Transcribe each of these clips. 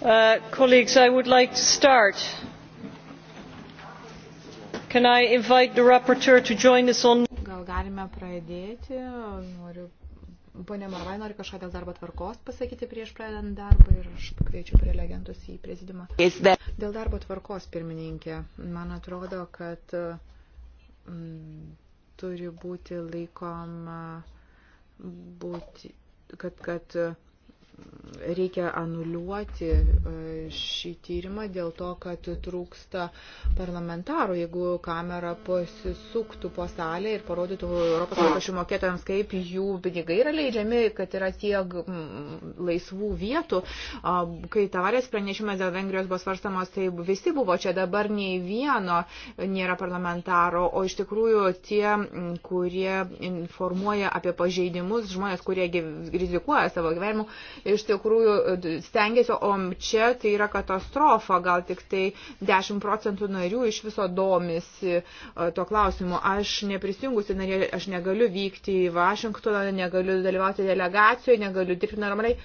Uh, colleagues i would like to start. can i invite the rapporteur to join us on. gal galime pradėti noriu ponia marvai nori kažką dėl darbo tvarkos pasakyti prieš pradedant darbą ir aš pakviečiu prelegentus į prezidiumą. dėl darbo tvarkos pirmininkė man atrodo kad mm, turi būti laikoma būti kad kad reikia anuliuoti e, šį tyrimą dėl to, kad trūksta parlamentarų. Jeigu kamera pasisuktų po salę ir parodytų Europos mokesčių mokėtojams, kaip jų pinigai yra leidžiami, kad yra tiek mm, laisvų vietų, kai tavarės pranešimas dėl Vengrijos buvo svarstamas, tai visi buvo čia dabar nei vieno nėra parlamentaro, o iš tikrųjų tie, mm, kurie informuoja apie pažeidimus, žmonės, kurie rizikuoja savo gyvenimu, iš tikrųjų stengiasi, o čia tai yra katastrofa, gal tik tai 10 procentų narių iš viso domisi e, tuo klausimu. Aš neprisijungusi narė, aš negaliu vykti į Vašingtoną, negaliu dalyvauti delegacijoje, negaliu dirbti normaliai.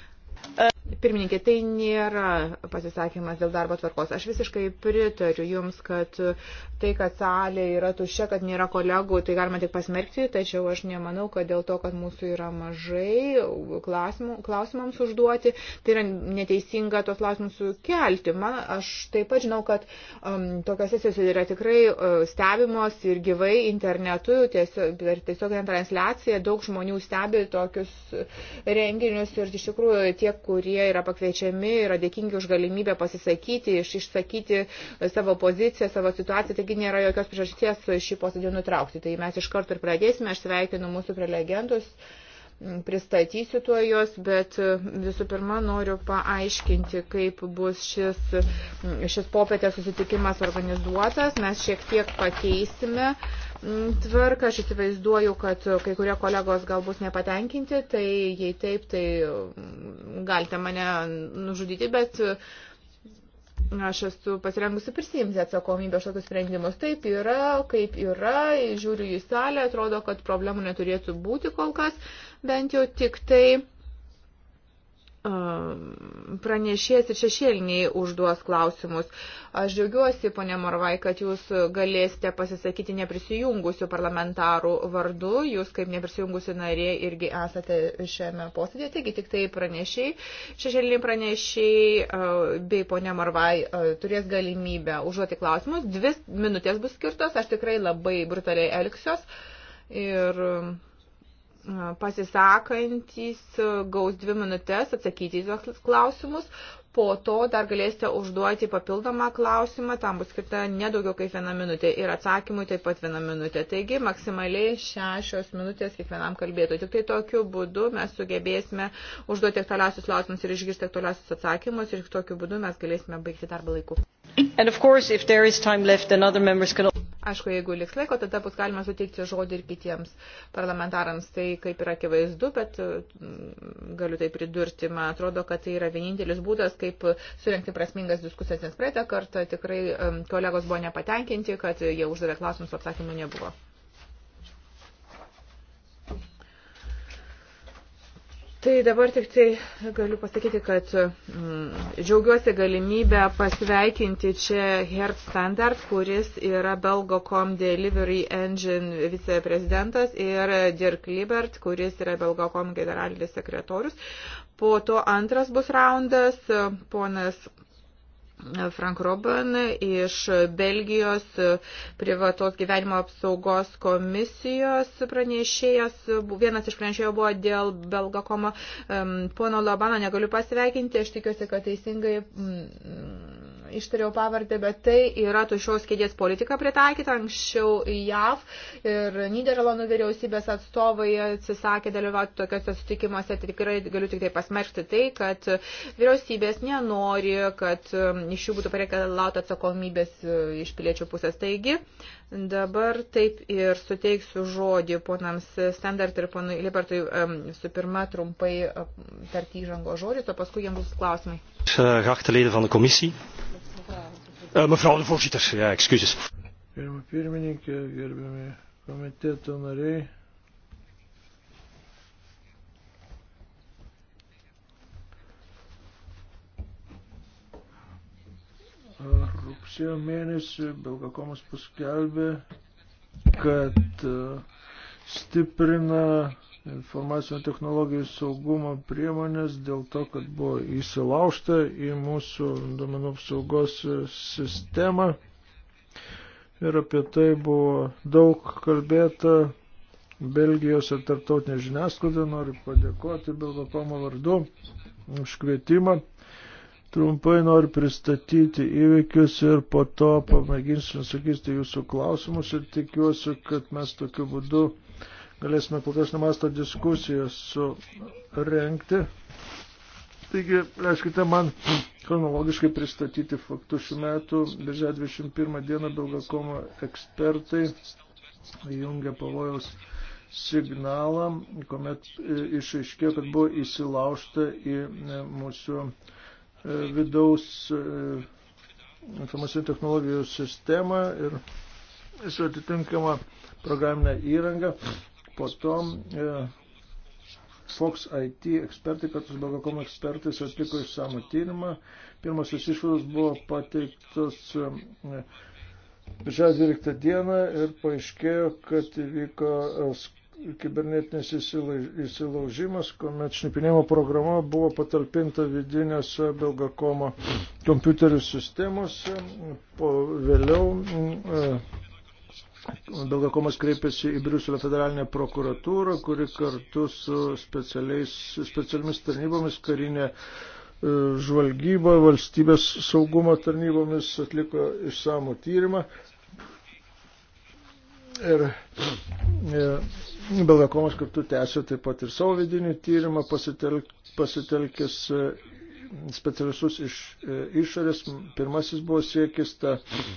Pirmininkė, tai nėra pasisakymas dėl darbo tvarkos. Aš visiškai pritariu Jums, kad tai, kad salė yra tuščia, kad nėra kolegų, tai galima tik pasmerkti, tačiau aš nemanau, kad dėl to, kad mūsų yra mažai klausimų, klausimams užduoti, tai yra neteisinga tos klausimus sukelti. Man, aš taip pat žinau, kad um, tokios sesijos yra tikrai uh, stebimos ir gyvai internetu, tiesiog, per tiesioginę transliaciją daug žmonių stebi tokius uh, renginius ir iš tikrųjų tie, kurie kurie yra pakviečiami, yra dėkingi už galimybę pasisakyti, iš, išsakyti savo poziciją, savo situaciją, taigi nėra jokios priežasties šį posėdį nutraukti. Tai mes iš karto ir pradėsime, aš sveikinu mūsų prelegentus pristatysiu tuo juos, bet visų pirma noriu paaiškinti, kaip bus šis, šis popietės susitikimas organizuotas. Mes šiek tiek pakeisime uh, Mm, tvarką. Aš įsivaizduoju, kad kai kurie kolegos gal bus nepatenkinti, tai jei taip, tai mm, galite mane nužudyti, bet mm, aš esu pasirengusi prisimti atsakomybę už tokius sprendimus. Taip yra, kaip yra, žiūriu į salę, atrodo, kad problemų neturėtų būti kol kas, bent jau tik tai Um, pranešėjas ir šešėliniai užduos klausimus. Aš džiaugiuosi, ponė Morvai, kad jūs galėsite pasisakyti neprisijungusių parlamentarų vardu. Jūs kaip neprisijungusi narė irgi esate šiame posėdėje, taigi tik tai pranešiai, šešėliniai pranešiai uh, bei ponė Morvai uh, turės galimybę užduoti klausimus. Dvi minutės bus skirtos, aš tikrai labai brutaliai elgsiuos. Ir um, pasisakantys e, gaus dvi minutės atsakyti į tuos klausimus. Po to dar galėsite užduoti papildomą klausimą, tam bus skirta nedaugiau kaip viena minutė ir atsakymui taip pat viena minutė. Taigi maksimaliai šešios minutės kiekvienam kalbėtų. Tik tai tokiu būdu mes sugebėsime užduoti aktualiausius klausimus ir išgirsti aktualiausius atsakymus ir tokiu būdu mes galėsime baigti darbą laiku. And of course, if there is time left, then other members can... Aišku, jeigu liks laiko, tada bus galima suteikti žodį ir kitiems parlamentarams. Tai kaip yra akivaizdu, bet mm, galiu tai pridurti. Man atrodo, kad tai yra vienintelis būdas, kaip surinkti prasmingas diskusijas, nes praeitą kartą tikrai mm, kolegos buvo nepatenkinti, kad jie uždavė klausimus, atsakymų nebuvo. Tai dabar tik tai galiu pasakyti, kad mm, džiaugiuosi galimybę pasveikinti čia Herb Standard, kuris yra Belgocom Delivery Engine viceprezidentas ir Dirk Libert, kuris yra Belgocom generalinis sekretorius. Po to antras bus raundas, ponas Frank Roban iš Belgijos privatos gyvenimo apsaugos komisijos pranešėjas. Vienas iš pranešėjų buvo dėl Belgakomo. Pono Labano negaliu pasveikinti, aš tikiuosi, kad teisingai ištariau pavardę, bet tai yra tušios kėdės politika pritaikyta. Anksčiau JAV ir Niderlandų vyriausybės atstovai atsisakė dalyvauti tokiuose sutikimuose. Tikrai galiu tik tai pasmerkti tai, kad vyriausybės nenori, kad um, iš jų būtų pareikalauta atsakomybės uh, iš piliečių pusės. Taigi, dabar taip ir suteiksiu žodį ponams Standard ir ponui Libertui um, su pirma trumpai uh, tarti įžango žodis, o paskui jiems bus klausimai. Geachte leden van de commissie. Eh, mevrouw de voorzitter, ja, excuses. Gerbiami pirmininkė, gerbiami komiteto nariai. Rugsėjo mėnesį Belgakomas paskelbė, kad stiprina informacinių technologijų saugumo priemonės dėl to, kad buvo įsilaužta į mūsų domenų apsaugos sistemą. Ir apie tai buvo daug kalbėta Belgijos ir tarptautinė žiniasklaida. Noriu padėkoti Bilbapamo vardu už kvietimą. Trumpai noriu pristatyti įvykius ir po to pamėginsiu atsakyti jūsų klausimus ir tikiuosi, kad mes tokiu būdu galėsime platesnio masto diskusiją surenkti. Taigi, leiskite man chronologiškai pristatyti faktus šių metų. Birželio 21 dieną Belgakomo ekspertai įjungė pavojaus signalą, kuomet e, išaiškėjo, kad buvo įsilaužta į e, mūsų e, vidaus informacinių technologijų sistemą ir su atitinkama programinė įranga. Po to e, Fox IT ekspertai kartu su Belgakom ekspertais atliko išsamų tyrimą. Pirmasis išvados buvo pateiktos e, Birželio 12 dieną ir paaiškėjo, kad įvyko e, kibernetinis įsilaužimas, kuomet šnipinėjimo programa buvo patalpinta vidinėse Belgakomo kompiuterių sistemose. Po vėliau Belgakomas kreipėsi į Briuselio federalinę prokuratūrą, kuri kartu su specialiomis tarnybomis karinė e, žvalgyba, valstybės saugumo tarnybomis atliko išsamų tyrimą. Ir e, Belgakomas kartu tęsė taip pat ir savo vidinį tyrimą, pasitelk, pasitelkęs e, specialistus iš išorės. Pirmasis buvo siekis tą. Ta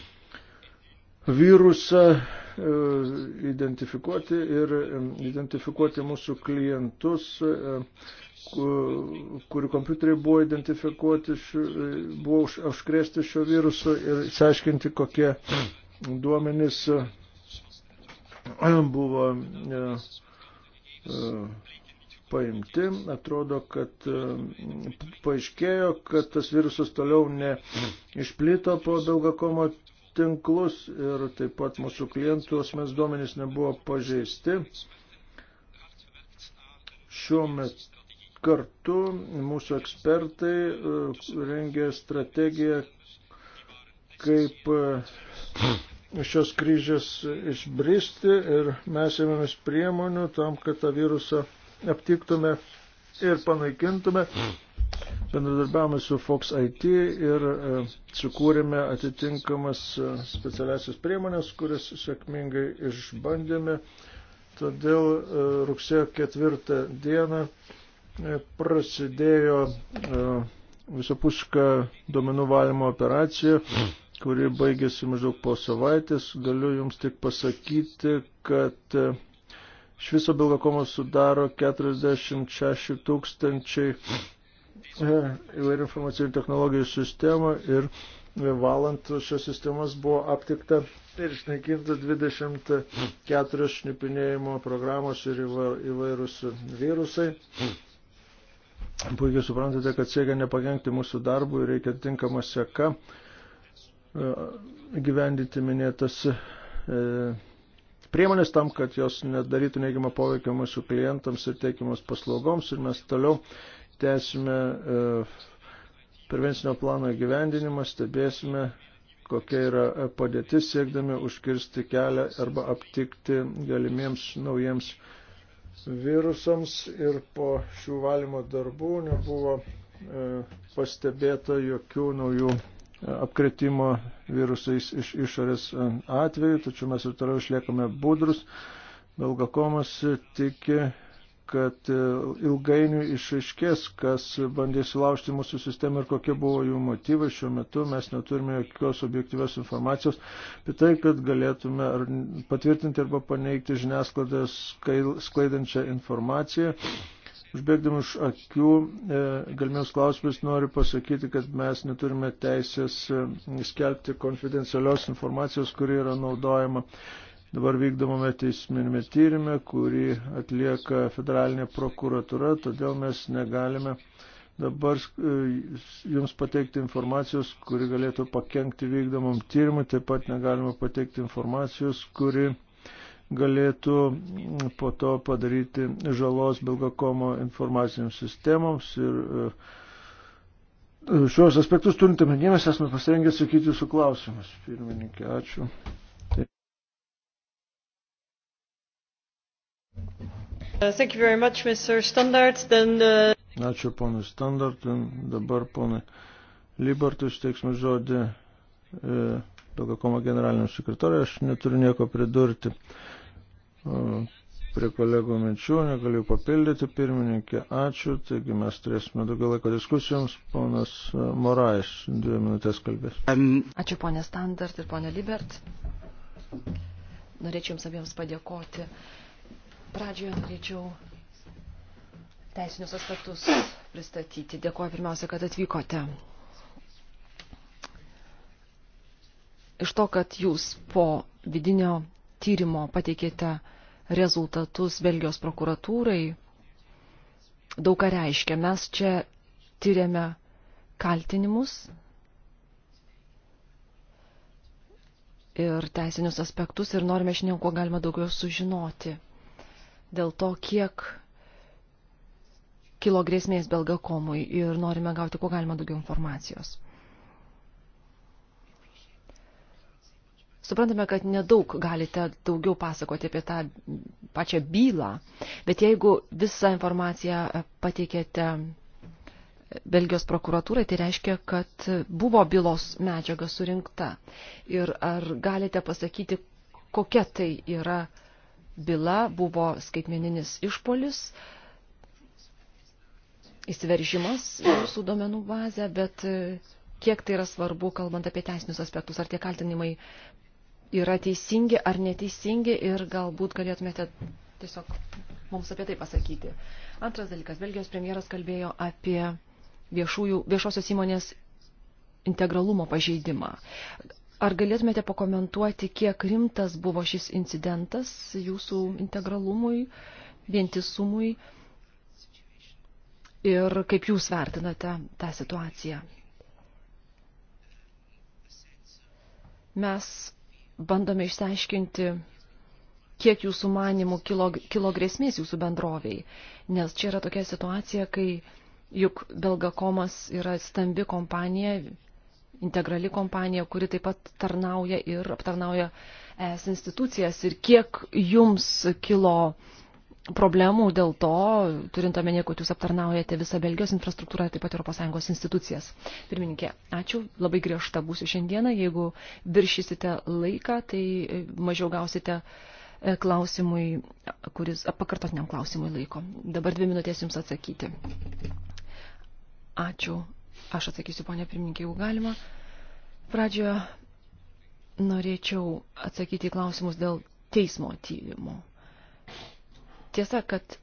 virusą e, identifikuoti ir e, identifikuoti mūsų klientus, e, kurių kompiuteriai buvo identifikuoti, buvo užkrėsti šio viruso ir išsiaiškinti, kokie duomenys buvo paimti. Atrodo, kad paaiškėjo, kad tas virusas toliau neišplito po daugakomo tinklus ir taip pat mūsų klientų asmens duomenys nebuvo pažeisti. Šiuo metu kartu mūsų ekspertai e, rengė strategiją, kaip e, šios kryžės išbristi ir mes ėmėmės priemonių tam, kad tą virusą aptiktume ir panaikintume bendradarbiavome su Fox IT ir e, sukūrėme atitinkamas e, specialiasias priemonės, kurias sėkmingai išbandėme. Todėl e, rugsėjo ketvirtą dieną prasidėjo visapuška duomenų valymo operacija, kuri baigėsi maždaug po savaitės. Galiu Jums tik pasakyti, kad iš viso Bilgakomo sudaro 46 tūkstančiai 000 E, įvairių informacinių technologijų sistemą ir valant šios sistemos buvo aptikta ir išnaikinta 24 šnipinėjimo programos ir įvairūs virusai. Puikiai suprantate, kad siekia nepagengti mūsų darbų ir reikia tinkamą seką e, gyvendyti minėtas e, priemonės tam, kad jos nedarytų neigiamą poveikį mūsų klientams ir teikiamos paslaugoms ir mes toliau tęsime e, prevencinio plano gyvendinimą, stebėsime, kokia yra e, padėtis, siekdami užkirsti kelią arba aptikti galimiems naujiems virusams ir po šių valymo darbų nebuvo e, pastebėta jokių naujų apkretimo virusais iš išorės atvejų, tačiau mes ir toliau išliekame budrus. Belgakomas tiki, kad e, ilgainiui išaiškės, kas bandė sulaužti mūsų sistemą ir kokie buvo jų motyvai. Šiuo metu mes neturime jokios objektyvios informacijos apie tai, kad galėtume ar patvirtinti arba paneigti žiniasklaidą sklaidančią informaciją. Užbėgdami už akių e, galimiems klausimais noriu pasakyti, kad mes neturime teisės e, skelbti konfidencialios informacijos, kuri yra naudojama dabar vykdomame teisminėme tyrimė, kurį atlieka federalinė prokuratura, todėl mes negalime dabar e, jums pateikti informacijos, kuri galėtų pakengti vykdomam tyrimui, taip pat negalima pateikti informacijos, kuri galėtų po to padaryti žalos Belgakomo informacinėms sistemoms. Ir e, šios aspektus turintame dėmesį esame pasirengę atsakyti jūsų klausimus. Pirmininkė, ačiū. Uh, much, Then, uh... Ačiū ponui Standart, dabar ponui Libertui išteiksime žodį e, Belgakomo generaliniam sekretoriui, aš neturiu nieko pridurti. O, prie kolegų minčių, negaliu papildyti pirmininkė, ačiū, taigi mes turėsime daugiau laiko diskusijoms, ponas e, Morais, dvi minutės kalbės. Um, ačiū ponė Standart ir ponė Libert. Norėčiau Jums abiems padėkoti Pradžioje norėčiau teisinius aspektus pristatyti. Dėkuoju pirmiausia, kad atvykote. Iš to, kad jūs po vidinio tyrimo pateikėte rezultatus Belgijos prokuratūrai, daug ką reiškia. Mes čia tyrėme kaltinimus ir teisinius aspektus ir norime šiandien kuo galima daugiau sužinoti dėl to, kiek kilo grėsmės Belgakomui ir norime gauti kuo galima daugiau informacijos. Suprantame, kad nedaug galite daugiau pasakoti apie tą pačią bylą, bet jeigu visą informaciją pateikėte Belgijos prokuratūrai, tai reiškia, kad buvo bylos medžiaga surinkta. Ir ar galite pasakyti, kokia tai yra byla buvo skaitmeninis išpolis, įsiveržimas jūsų duomenų bazę, bet e, kiek tai yra svarbu, kalbant apie teisinius aspektus, ar tie kaltinimai yra teisingi ar neteisingi ir galbūt galėtumėte tiesiog mums apie tai pasakyti. Antras dalykas, Belgijos premjeras kalbėjo apie viešųjų, viešosios įmonės integralumo pažeidimą. Ar galėtumėte pakomentuoti, kiek rimtas buvo šis incidentas jūsų integralumui, vientisumui ir kaip jūs vertinate tą situaciją? Mes bandome išsiaiškinti, kiek jūsų manimų kilo, kilo grėsmės jūsų bendroviai, nes čia yra tokia situacija, kai juk Belgakomas yra stambi kompanija, integrali kompanija, kuri taip pat tarnauja ir aptarnauja ES institucijas. Ir kiek jums kilo problemų dėl to, turint omenyje, kad jūs aptarnaujate visą Belgijos infrastruktūrą, taip pat ES institucijas. Pirmininkė, ačiū, labai griežta būsiu šiandieną. Jeigu viršysite laiką, tai mažiau gausite e, klausimui, kuris pakartotiniam klausimui laiko. Dabar dvi minutės jums atsakyti. Ačiū Aš atsakysiu, ponė pirmininkė, jeigu galima. Pradžioje norėčiau atsakyti į klausimus dėl teismo tyrimų. Tiesa, kad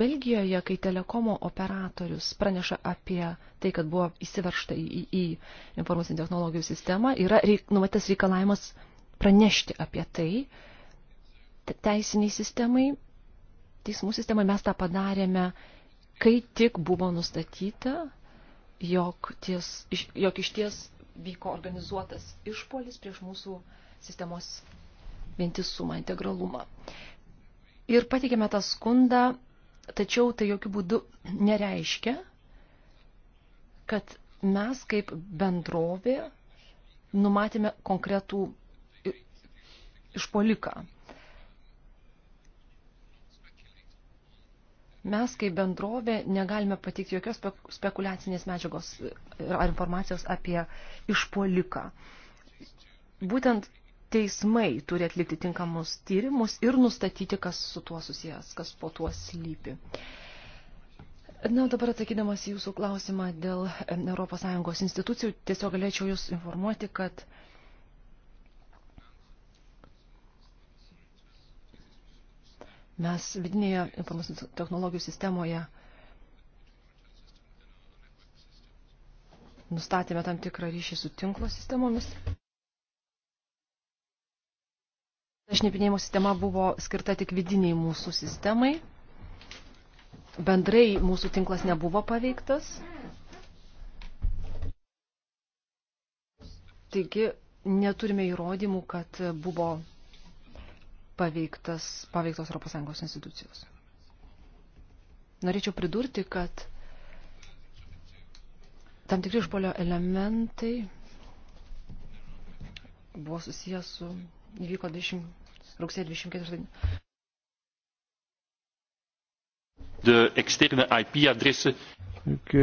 Belgijoje, kai telekomo operatorius praneša apie tai, kad buvo įsiveršta į, į informacinių technologijų sistemą, yra reik, numatytas reikalavimas pranešti apie tai teisiniai sistemai, teismų sistemai mes tą padarėme, kai tik buvo nustatyta, jog, ties, jog iš ties vyko organizuotas išpolis prieš mūsų sistemos vientisumą, integralumą. Ir pateikėme tą skundą, tačiau tai jokių būdų nereiškia, kad mes kaip bendrovė numatėme konkretų išpoliką. mes kaip bendrovė negalime pateikti jokios spekulacinės medžiagos e, ar informacijos apie išpuoliką. Būtent teismai turi atlikti tinkamus tyrimus ir nustatyti, kas su tuo susijęs, kas po tuo slypi. Na, dabar atsakydamas į jūsų klausimą dėl ES institucijų, tiesiog galėčiau jūs informuoti, kad uh, Mes vidinėje informacinių technologijų sistemoje nustatėme tam tikrą ryšį su tinklo sistemomis. Šnipinėjimo sistema buvo skirta tik vidiniai mūsų sistemai. Bendrai mūsų tinklas nebuvo paveiktas. Taigi neturime įrodymų, kad buvo paveiktas, paveiktos ES institucijos. Norėčiau pridurti, kad tam tikri išpolio elementai buvo susijęs su įvyko 20, rugsėjo 24. De externe IP-adressen Iki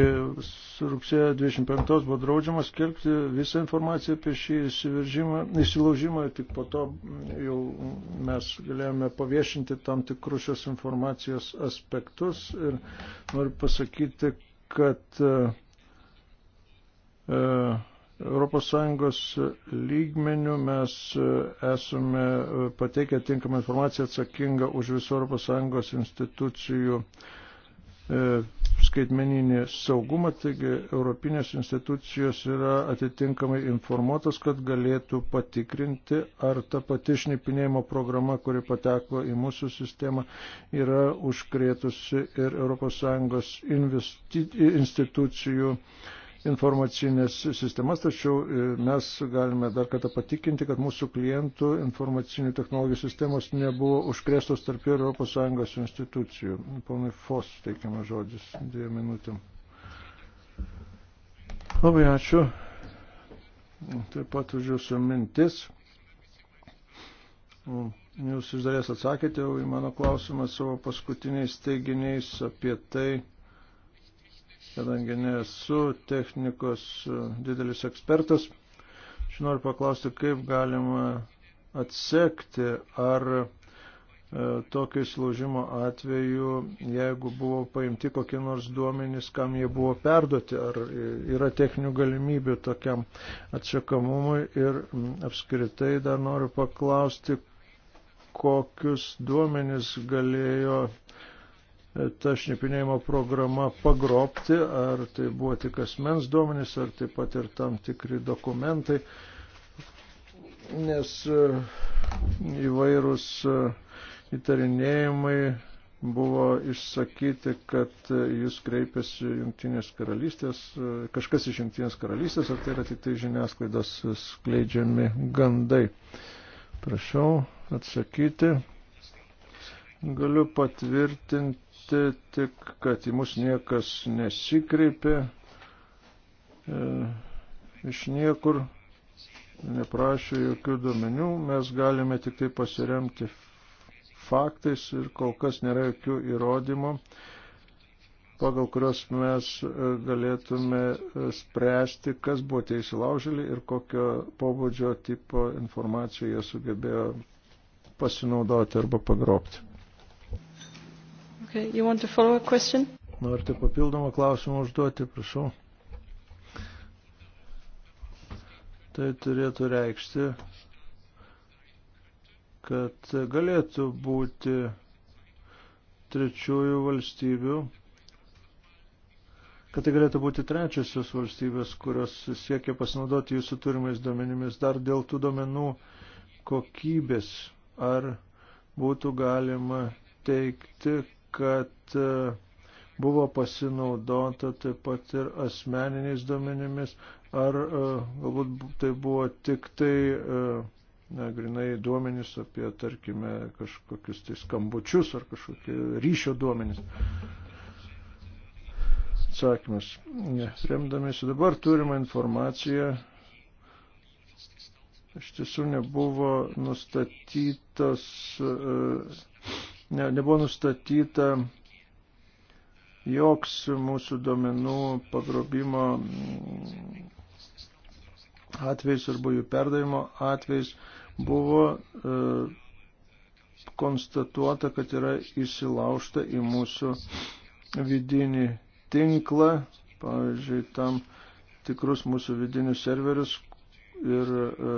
rugsėjo 25 buvo draudžiama skelbti visą informaciją apie šį įsilaužimą, tik po to jau mes galėjome paviešinti tam tikrus šios informacijos aspektus ir noriu pasakyti, kad ES e, lygmenių mes e, esame pateikę tinkamą informaciją atsakingą už visų ES institucijų e, skaitmeninį saugumą, taigi Europinės institucijos yra atitinkamai informuotos, kad galėtų patikrinti, ar ta pati šnipinėjimo programa, kuri pateko į mūsų sistemą, yra užkrėtusi ir ES institucijų uh, informacinės sistemas, tačiau e, mes galime dar kartą patikinti, kad mūsų klientų informacinių technologijų sistemos nebuvo užkrėstos tarp ES institucijų. Ponai Fos teikiama žodis dviem minutėm. Labai ačiū. Taip pat už jūsų mintis. Jūs iš dalies atsakėte jau į mano klausimą savo paskutiniais teiginiais apie tai, kadangi nesu technikos e, didelis ekspertas. Aš noriu paklausti, kaip galima atsekti, ar e, tokio įsilaužimo atveju, jeigu buvo paimti kokie nors duomenys, kam jie buvo perduoti, ar yra techninių galimybių tokiam atsekamumui ir apskritai dar noriu paklausti, kokius duomenys galėjo ta šnipinėjimo programa pagrobti, ar tai buvo tik asmens duomenys, ar taip pat ir tam tikri dokumentai, nes e, įvairūs e, įtarinėjimai buvo išsakyti, kad e, jūs kreipėsi Junktinės karalystės, kažkas iš Junktinės karalystės, ar tai yra tik tai žiniasklaidos skleidžiami gandai. Prašau atsakyti. Galiu patvirtinti tik, kad į mus niekas nesikreipė e, iš niekur, neprašė jokių duomenių, mes galime tik tai pasiremti faktais ir kol kas nėra jokių įrodymų, pagal kurios mes e, galėtume e, spręsti, kas buvo tie įsilaužėliai ir kokio pobūdžio tipo informaciją jie sugebėjo pasinaudoti arba pagrobti. Okay, you want to follow a question? Norite papildomą klausimą užduoti, prašau. Tai turėtų reikšti, kad galėtų būti trečiųjų valstybių, kad tai galėtų būti trečiosios valstybės, kurios siekia pasinaudoti jūsų turimais duomenimis dar dėl tų duomenų kokybės, ar būtų galima teikti, kad e, buvo pasinaudota taip pat ir asmeniniais duomenimis, ar e, galbūt tai buvo tik tai e, na, grinai duomenys apie, tarkime, kažkokius tai skambučius ar kažkokie ryšio duomenys atsakymas. Remdamėsi dabar turimą informaciją, iš tiesų nebuvo nustatytas ne, nebuvo nustatyta joks mūsų domenų pagrobimo atvejs arba jų perdavimo atvejs buvo e, konstatuota, kad yra įsilaužta į mūsų vidinį tinklą, pavyzdžiui, tam tikrus mūsų vidinius serverius ir e,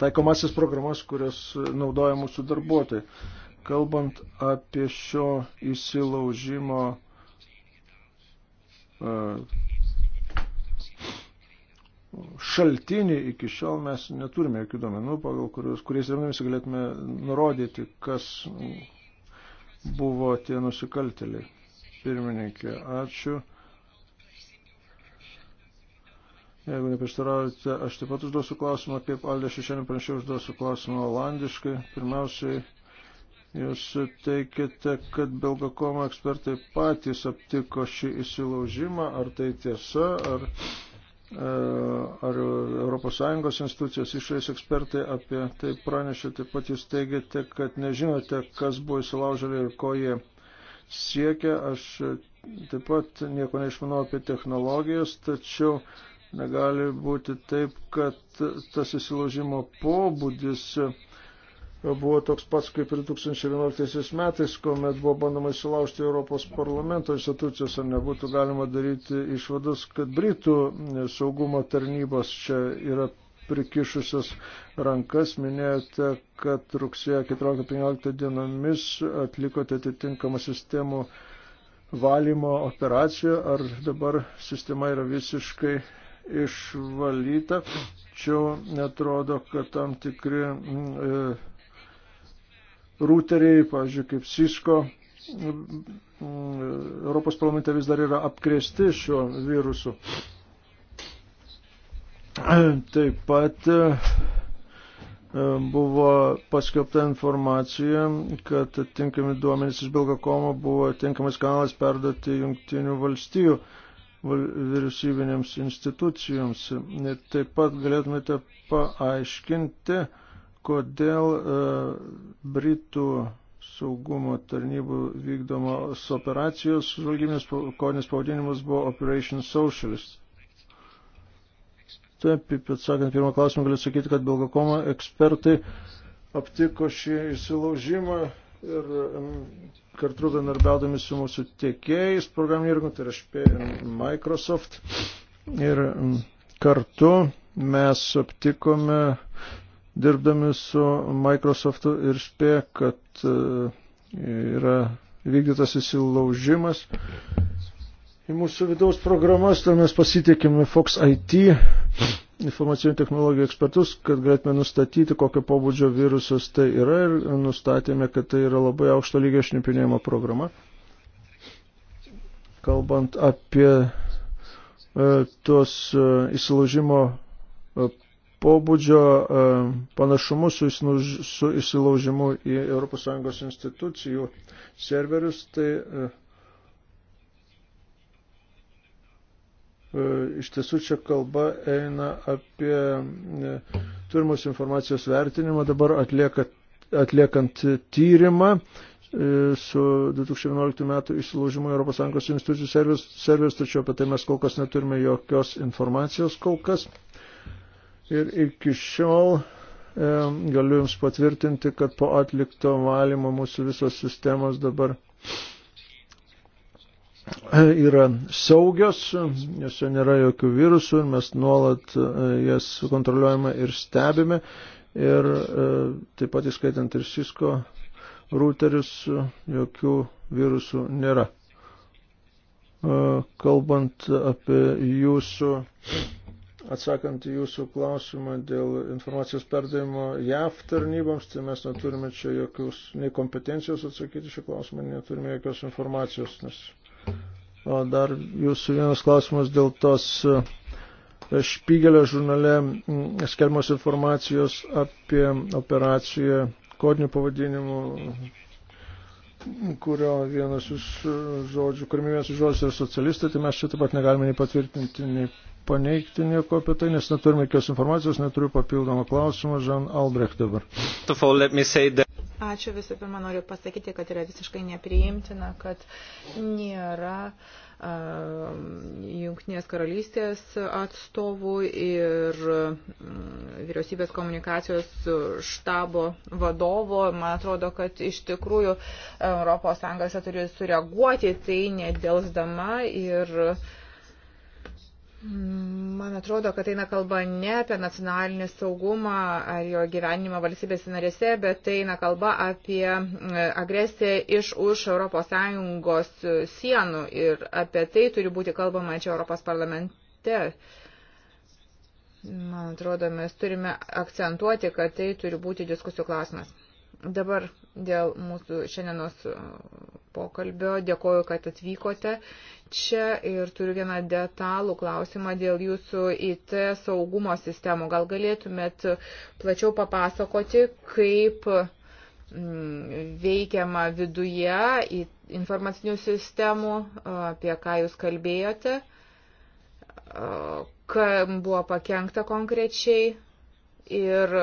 taikomasis programas, kurias naudoja mūsų darbuotojai. Kalbant apie šio įsilaužimo e, šaltinį iki šiol mes neturime jokių duomenų, pagal kurius, kuriais remdamėsi galėtume nurodyti, kas buvo tie nusikaltėliai. Pirmininkė, ačiū. Jeigu neprieštaraujate, aš taip pat užduosiu klausimą, kaip Aldė šiandien panašiai užduosiu klausimą olandiškai. Pirmiausiai, jūs teikėte, kad Belgakomo ekspertai patys aptiko šį įsilaužimą, ar tai tiesa, ar, e, ar ES institucijos išorės ekspertai apie tai pranešė, taip pat jūs teigiate, kad nežinote, kas buvo įsilaužėliai ir ko jie siekia. Aš taip pat nieko neišmanau apie technologijas, tačiau Negali būti taip, kad tas įsilaužimo pobūdis buvo toks pats kaip ir 2011 metais, kuomet buvo bandoma įsilaužti Europos parlamento institucijos, ar nebūtų galima daryti išvadas, kad Britų saugumo tarnybos čia yra prikišusios rankas. Minėjote, kad rugsėjo 14-15 dienomis atlikote atitinkamą sistemų valymo operaciją, ar dabar sistema yra visiškai išvalyta, tačiau netrodo, kad tam tikri e, rūteriai, pavyzdžiui, kaip Sisko, e, Europos parlamente vis dar yra apkrėsti šiuo virusu. Taip pat e, buvo paskelbta informacija, kad tinkami duomenys iš Belgakomo buvo tinkamas kanalas perduoti jungtinių valstijų vyriausybinėms institucijoms. Taip pat galėtumėte paaiškinti, kodėl e, Britų saugumo tarnybų vykdomos operacijos žvalgybinis kodinis pavadinimas buvo Operation Socialist. Taip, atsakant pirmą klausimą, galiu sakyti, kad Belgakomo ekspertai aptiko šį įsilaužimą ir kartu bendarbiaudami su mūsų tiekėjais programinį įrangą, tai yra Microsoft. Ir mm, kartu mes aptikome, dirbdami su Microsoftu ir spė, kad e, yra vykdytas įsilaužimas į mūsų vidaus programas, tai mes pasitikėme Fox IT informacinių technologijų ekspertus, kad galėtume nustatyti, kokio pobūdžio virusas tai yra ir nustatėme, kad tai yra labai aukšto lygio šnipinėjimo programa. Kalbant apie e, tuos e, įsilaužimo e, pobūdžio e, panašumus su, įsinuž, su įsilaužimu į ES institucijų serverius, tai e, E, iš tiesų čia kalba eina apie e, turimos informacijos vertinimą, dabar atlieka, atliekant tyrimą e, su 2011 metų įsilaužimu ES institucijų servis, servis, tačiau apie tai mes kol kas neturime jokios informacijos kol kas. Ir iki šiol galiu Jums patvirtinti, kad po atlikto valymo mūsų visos sistemos dabar yra saugios, jose nėra jokių virusų ir mes nuolat e, jas kontroliuojame ir stebime. Ir e, taip pat įskaitant ir Cisco routerius, jokių virusų nėra. E, kalbant apie jūsų, atsakant į jūsų klausimą dėl informacijos perdavimo JAV tarnyboms, tai mes neturime čia jokios nei kompetencijos atsakyti šį klausimą, neturime jokios informacijos, nes O dar jūsų vienas klausimas dėl tos e, špygelio žurnale skelbamos informacijos apie operaciją kodinių pavadinimų, kurio vienas iš e, žodžių, kuriame vienas iš žodžių yra socialistai, tai mes čia taip pat negalime nei patvirtinti, nei paneigti nieko apie tai, nes neturime jokios informacijos, neturiu papildomą klausimą, Žan Albrecht dabar. Ačiū visų pirma, noriu pasakyti, kad yra visiškai nepriimtina, kad nėra uh, Junktinės karalystės atstovų ir mm, vyriausybės komunikacijos štabo vadovo. Man atrodo, kad iš tikrųjų ES turi sureaguoti tai nedelsdama ir uh, Man atrodo, kad eina kalba ne apie nacionalinį saugumą ar jo gyvenimą valstybės narėse, bet tai eina kalba apie agresiją iš už ES sienų ir apie tai turi būti kalbama čia Europos parlamente. Man atrodo, mes turime akcentuoti, kad tai turi būti diskusijų klausimas. Dabar dėl mūsų šiandienos e, pokalbio dėkoju, kad atvykote čia ir turiu vieną detalų klausimą dėl jūsų IT saugumo sistemų. Gal galėtumėt plačiau papasakoti, kaip mm, veikiama viduje informacinių sistemų, e, apie ką jūs kalbėjote, e, kam buvo pakengta konkrečiai ir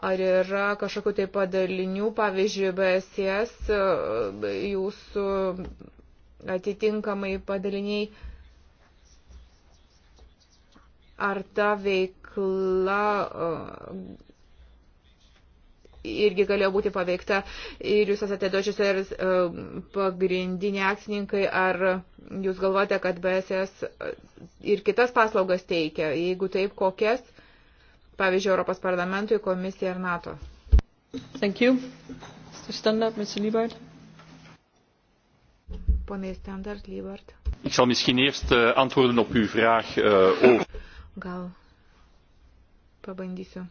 Ar yra kažkokiu tai padalinių, pavyzdžiui, BSS, e, jūsų atitinkamai padaliniai, ar ta veikla e, irgi galėjo būti paveikta ir jūs esate dočiusi ir e, pagrindiniai akcininkai, ar jūs galvojate, kad BSS ir kitas paslaugas teikia, jeigu taip, kokias? pavyzdžiui, Europos parlamentui, komisijai ir NATO. Thank you. Mr. Standard, Mr. Liebert. Pone Standard, Liebert. Ik zal misschien eerst uh, antwoorden op uw vraag uh, over. Gal pabandysiu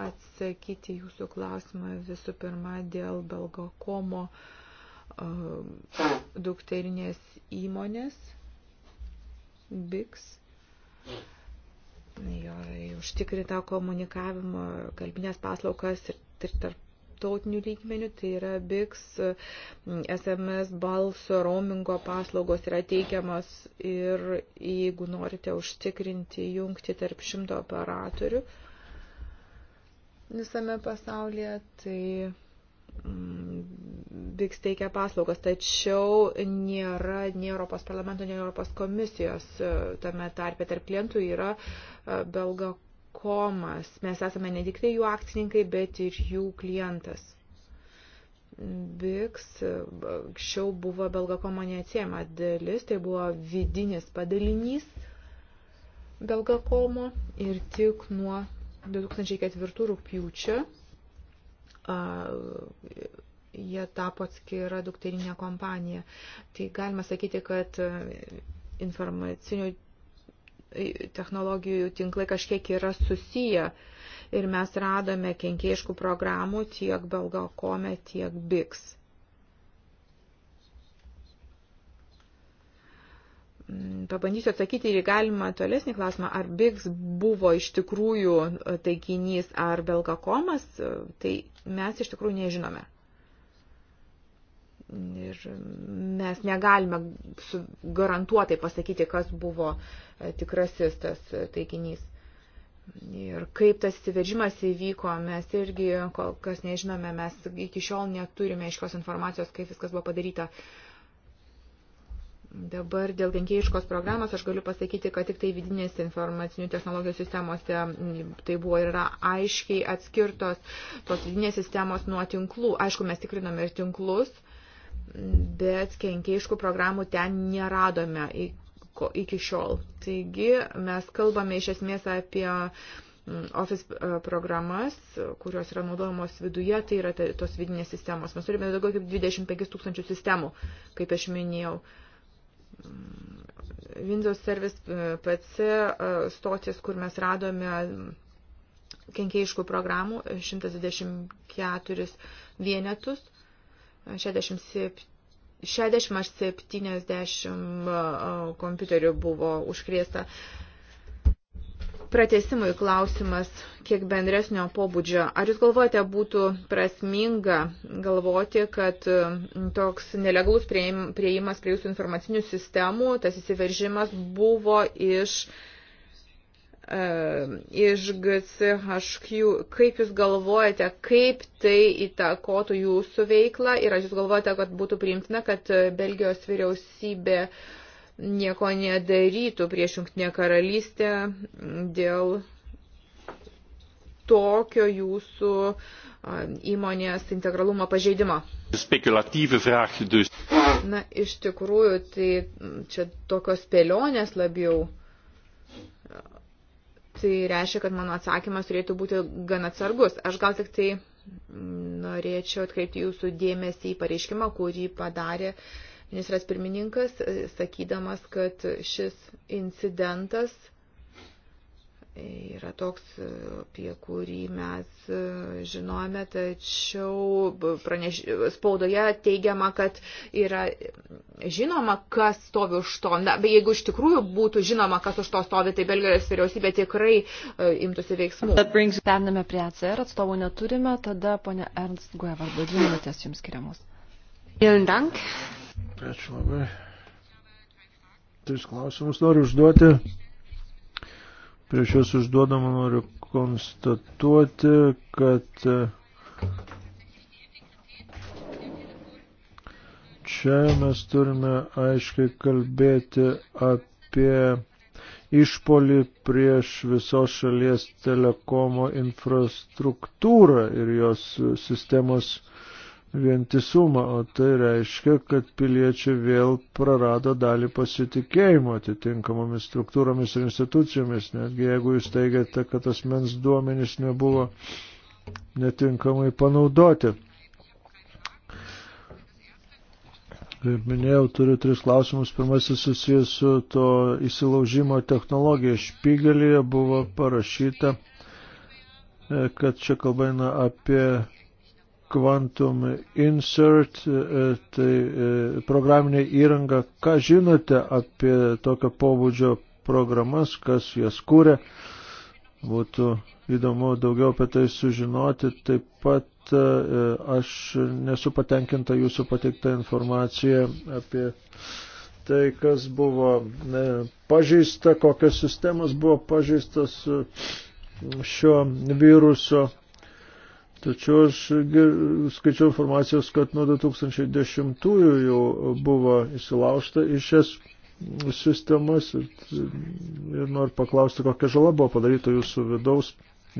atsakyti jūsų klausimą visų pirma dėl Belgakomo uh, dukterinės įmonės BIX. Uh, jo užtikrintą komunikavimo, kalbinės paslaukas ir, ir tarp tarptautinių lygmenių, tai yra BIX, SMS, balso, roamingo paslaugos yra teikiamas ir jeigu norite užtikrinti jungti tarp šimto operatorių visame pasaulyje, tai Mm, VIX teikia paslaugas, tačiau nėra nei Europos parlamento, nei Europos komisijos e, tame tarpe tarp klientų yra e, belga komas. Mes esame ne tik tai jų akcininkai, bet ir jų klientas. VIX e, anksčiau buvo belga komo neatsiema dalis, tai buvo vidinis padalinys belga komo ir tik nuo 2004 rūpjūčio jie tapo atskira dukterinė kompanija. Tai galima sakyti, kad informacinių technologijų tinklai kažkiek yra susiję ir mes radome kenkėjiškų programų tiek Belgakome, tiek BIX. Pabandysiu atsakyti ir galima tolesnį klausimą, ar BIX buvo iš tikrųjų taikinys, ar Belgakomas, tai mes iš tikrųjų nežinome. Ir mes negalime garantuotai pasakyti, kas buvo e, tikrasis tas e, taikinys. Ir kaip tas įsiveržimas įvyko, mes irgi kol kas nežinome, mes iki šiol neturime aiškios informacijos, kaip viskas buvo padaryta. Uh, Dabar dėl kenkėjiškos programos aš galiu pasakyti, kad tik tai vidinės informacinių technologijų sistemose tai buvo ir yra aiškiai atskirtos tos vidinės sistemos nuo tinklų. Aišku, mes tikrinome ir tinklus, bet kenkėjiškų programų ten neradome iki šiol. Taigi mes kalbame iš esmės apie Office e, programas, kurios yra naudojamos viduje, tai yra tos vidinės sistemos. Mes turime daugiau kaip 25 tūkstančių sistemų, kaip aš minėjau. Uh, Windows Service e, PC e, stotis, kur mes radome kenkėjiškų programų 124 vienetus, 67 60 ar 70 e, kompiuterių buvo užkrėsta pratesimui klausimas kiek bendresnio pobūdžio. Ar jūs galvojate būtų prasminga galvoti, kad mm, toks nelegalus prieimas prie jūsų informacinių sistemų, tas įsiveržimas buvo iš e, iš GCHQ, kaip jūs galvojate, kaip tai įtakotų jūsų veiklą ir ar jūs galvojate, kad būtų priimtina, kad Belgijos vyriausybė uh, nieko nedarytų prieš Junktinę karalystę dėl tokio jūsų įmonės integralumo pažeidimo. Na, iš tikrųjų, tai čia tokios spėlionės labiau. Tai reiškia, kad mano atsakymas turėtų būti gan atsargus. Aš gal tik tai norėčiau atkreipti jūsų dėmesį į pareiškimą, kurį padarė uh, ministras pirmininkas, e, sakydamas, kad šis incidentas e, yra toks, e, apie kurį mes žinome, tačiau praneš, spaudoje teigiama, kad yra žinoma, kas stovi už to. Na, bet jeigu iš tikrųjų būtų žinoma, kas už to stovi, tai Belgijos vyriausybė tikrai imtųsi veiksmų. Brings... Pername prie ACR atstovų neturime, tada ponia Ernst Guevard, dvi minutės jums skiriamos. Vielen Dank. Ačiū labai. Tris klausimus noriu užduoti. Prieš juos užduodama noriu konstatuoti, kad čia mes turime aiškiai kalbėti apie išpolį prieš visos šalies telekomo infrastruktūrą ir jos sistemos vientisumą, o tai reiškia, kad piliečiai vėl prarado dalį pasitikėjimo atitinkamomis struktūromis ir institucijomis, netgi jeigu jūs teigiate, kad asmens duomenys nebuvo netinkamai panaudoti. Kaip minėjau, turiu tris klausimus. Pirmasis susijęs su to įsilaužimo technologija. Špygelėje buvo parašyta, e, kad čia kalba eina apie Quantum Insert, e, tai e, programinė įranga. Ką žinote apie tokio pobūdžio programas, kas jas kūrė? Būtų įdomu daugiau apie tai sužinoti. Taip pat e, aš nesu patenkinta jūsų pateiktą informaciją apie tai, kas buvo pažeista, kokios sistemos buvo pažeistas šio viruso Tačiau aš skaičiau informacijos, kad nuo 2010 jau buvo įsilaužta iš šias sistemas ir, ir noriu paklausti, kokia žala buvo padaryta jūsų vidaus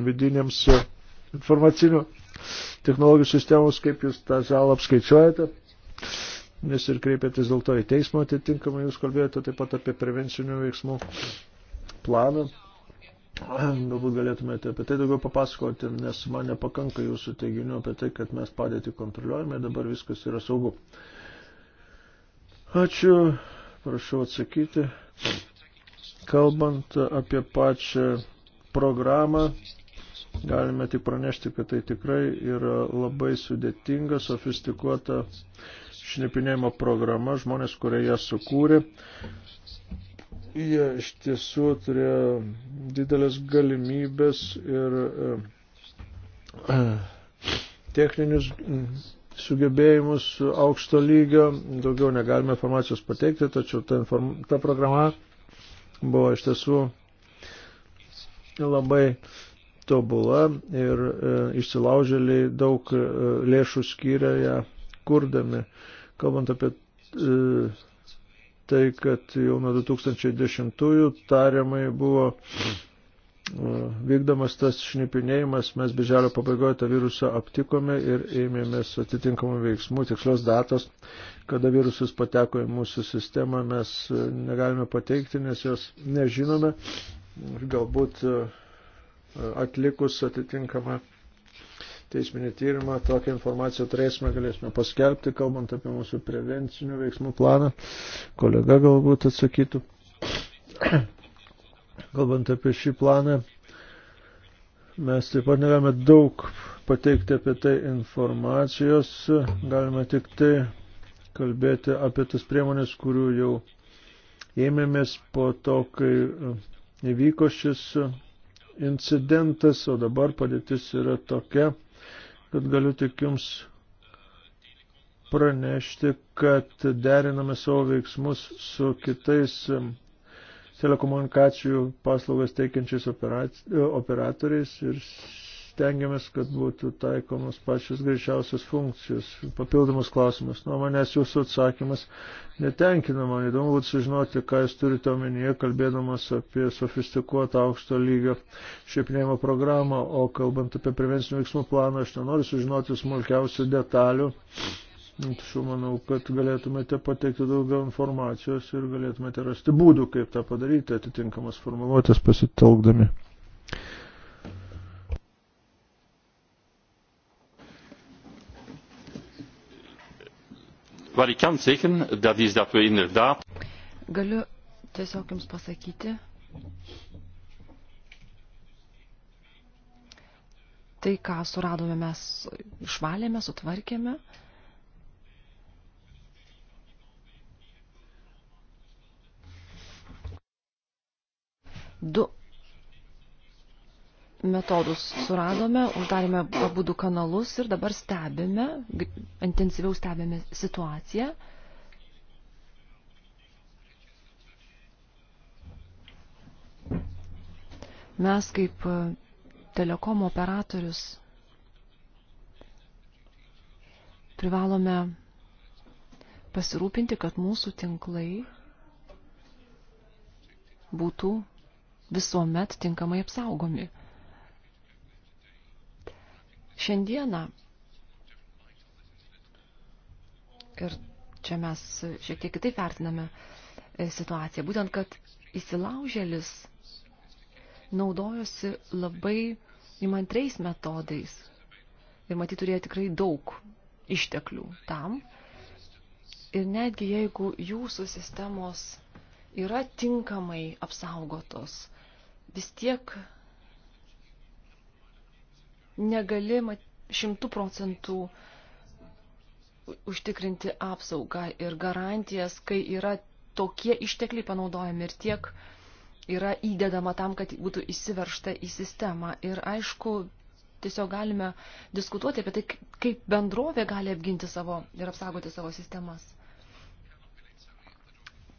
vidinėms informacinių technologijų sistemos, kaip jūs tą žalą apskaičiuojate, nes ir kreipėtės dėl to į teismą atitinkamai, jūs kalbėjote taip pat apie prevencinių veiksmų planą. Galbūt galėtumėte apie tai daugiau papasakoti, nes man nepakanka jūsų teiginių apie tai, kad mes padėti kontroliuojame ir dabar viskas yra saugu. Ačiū, prašau atsakyti. Kalbant apie pačią programą, galime tik pranešti, kad tai tikrai yra labai sudėtinga, sofistikuota šnipinėjimo programa, žmonės, kurie ją sukūrė, Jie iš tiesų turėjo didelės galimybės ir e, e, techninius mm, sugebėjimus aukšto lygio. Daugiau negalime informacijos pateikti, tačiau ta, inform... ta programa buvo iš tiesų labai tobula ir e, išsilaužėliai daug e, lėšų skyrė ją kurdami. Kalbant apie e, tai, kad jau nuo 2010-ųjų tariamai buvo e, vykdomas tas šnipinėjimas, mes birželio pabaigoje tą virusą aptikome ir ėmėmės atitinkamų veiksmų, tikslios datos, kada virusas pateko į mūsų sistemą, mes e, negalime pateikti, nes jos nežinome. Galbūt e, atlikus atitinkamą teisminį tyrimą. Tokią informaciją turėsime, galėsime paskelbti, kalbant apie mūsų prevencinių veiksmų planą. Kolega galbūt atsakytų. Kalbant apie šį planą, mes taip pat negalime daug pateikti apie tai informacijos, galime tik tai kalbėti apie tas priemonės, kurių jau ėmėmės po to, kai įvyko šis incidentas, o dabar padėtis yra tokia, kad galiu tik jums pranešti, kad deriname savo veiksmus su kitais um, telekomunikacijų paslaugas teikiančiais e, operatoriais ir stengiamės, kad būtų taikomos pačios greičiausios funkcijos. Papildomas klausimas. Nuo manęs jūsų atsakymas netenkina. Man įdomu būtų sužinoti, ką jūs turite omenyje, kalbėdamas apie sofistikuotą aukšto lygio šiaipnėjimo programą, o kalbant apie prevencinių veiksmų planą, aš nenoriu sužinoti smulkiausių detalių. Tačiau manau, kad galėtumėte pateikti daugiau informacijos ir galėtumėte rasti būdų, kaip tą padaryti, atitinkamas formuluotės pasitelkdami. Wat ik kan zeggen, dat is dat we inderdaad. Galiu tiesiog Jums pasakyti. Tai, ką suradome, mes išvalėme, sutvarkėme. Du metodus suradome, uždarėme abu du kanalus ir dabar stebime, intensyviau stebime situaciją. Mes kaip e, telekomo operatorius privalome pasirūpinti, kad mūsų tinklai būtų visuomet tinkamai apsaugomi. Šiandieną ir čia mes šiek tiek kitaip vertiname e, situaciją, būtent, kad įsilaužėlis naudojosi labai įmantriais metodais ir matyt turėjo tikrai daug išteklių tam. Ir netgi jeigu jūsų sistemos yra tinkamai apsaugotos, vis tiek negali šimtų procentų užtikrinti apsaugą ir garantijas, kai yra tokie ištekliai panaudojami ir tiek yra įdedama tam, kad būtų įsiveršta į sistemą. Ir aišku, tiesiog galime diskutuoti apie tai, kaip bendrovė gali apginti savo ir apsaugoti savo sistemas.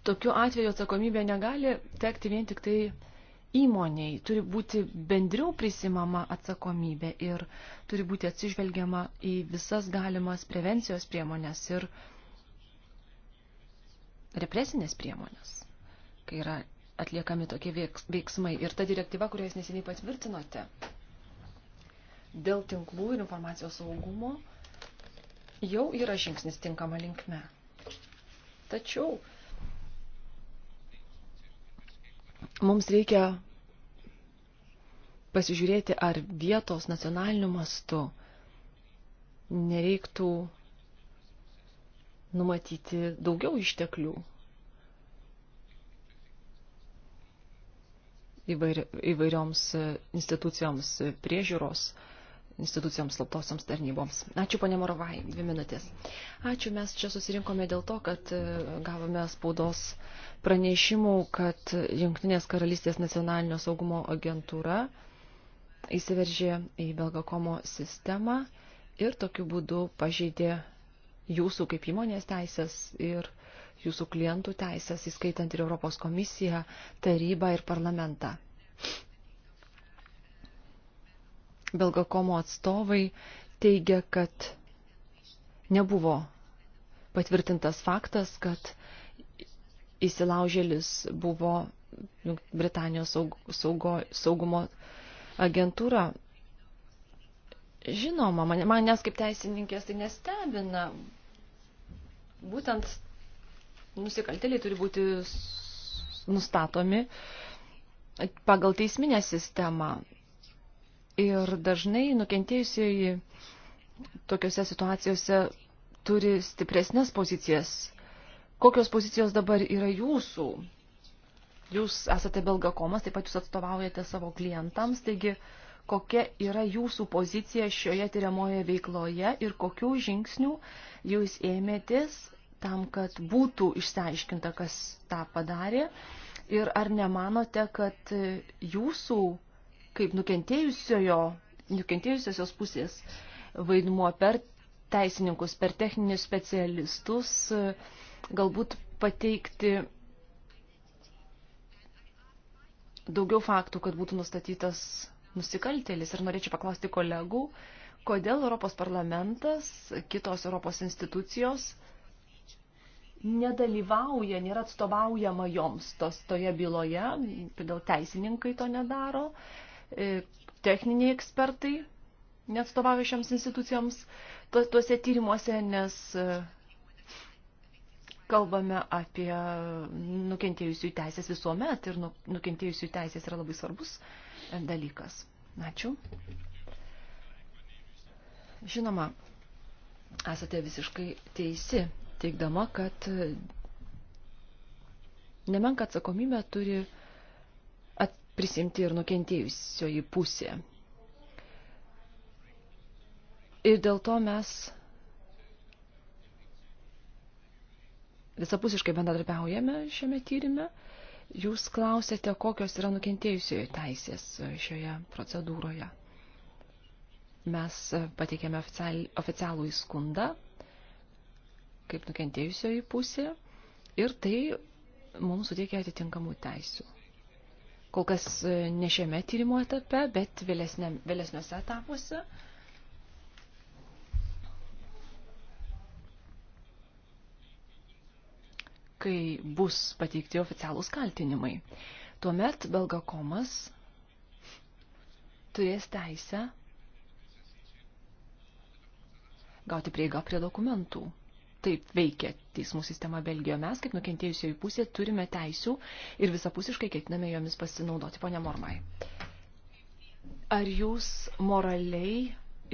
Tokiu atveju atsakomybė negali tekti vien tik tai įmoniai, turi būti bendriau prisimama atsakomybė ir turi būti atsižvelgiama į visas galimas prevencijos priemonės ir represinės priemonės, kai yra atliekami tokie veiksmai. Ir ta direktyva, kurią jūs neseniai patvirtinote, dėl tinklų ir informacijos saugumo jau yra žingsnis tinkama linkme. Tačiau Mums reikia pasižiūrėti, ar vietos nacionaliniu mastu nereiktų numatyti daugiau išteklių įvairioms institucijoms priežiūros institucijoms, slaptosioms tarnyboms. Ačiū, ponė Morovai, dvi minutės. Ačiū, mes čia susirinkome dėl to, kad e, gavome spaudos pranešimų, kad Junktinės karalystės nacionalinio saugumo agentūra įsiveržė į Belgakomo sistemą ir tokiu būdu pažeidė jūsų kaip įmonės teisės ir jūsų klientų teisės, įskaitant ir Europos komisiją, tarybą ir parlamentą. Belgakomo atstovai teigia, kad nebuvo patvirtintas faktas, kad įsilaužėlis buvo Britanijos saugo, saugumo agentūra. Žinoma, man, manęs kaip teisininkės tai nestebina. Būtent nusikaltėliai turi būti nustatomi pagal teisminę sistemą. Ir dažnai nukentėjusiai tokiuose situacijose turi stipresnės pozicijas. Kokios pozicijos dabar yra jūsų? Jūs esate belgakomas, taip pat jūs atstovaujate savo klientams, taigi kokia yra jūsų pozicija šioje tyriamoje veikloje ir kokių žingsnių jūs ėmėtės tam, kad būtų išsiaiškinta, kas tą padarė. Ir ar nemanote, kad jūsų kaip nukentėjusiojo, nukentėjusiosios pusės vaidmuo per teisininkus, per techninius specialistus, galbūt pateikti daugiau faktų, kad būtų nustatytas nusikaltėlis. Ir norėčiau paklausti kolegų, kodėl Europos parlamentas, kitos Europos institucijos nedalyvauja, nėra atstovaujama joms tos toje byloje, kodėl teisininkai to nedaro. Uh, E, techniniai ekspertai neatstovauja šiams institucijoms tuose tyrimuose, nes e, kalbame apie nukentėjusių teisės visuomet ir nu, nukentėjusių teisės yra labai svarbus dalykas. Ačiū. Žinoma, esate visiškai teisi, teikdama, kad nemenka atsakomybė turi prisimti ir nukentėjusioji pusė. Ir dėl to mes visapusiškai bendradarbiaujame šiame tyrime. Jūs klausėte, kokios yra nukentėjusiojo teisės šioje procedūroje. Mes pateikėme oficialų įskundą kaip nukentėjusioji pusė ir tai mums suteikia atitinkamų teisių kol kas e, ne šiame tyrimo etape, bet vėlesnė, vėlesniuose etapuose. kai bus pateikti oficialūs kaltinimai. Tuomet Belgakomas turės teisę gauti prieigą prie dokumentų taip veikia teismų sistema Belgijoje. Mes, kaip nukentėjusioji pusė, turime teisių ir visapusiškai ketiname jomis pasinaudoti, ponia Mormai. Ar jūs moraliai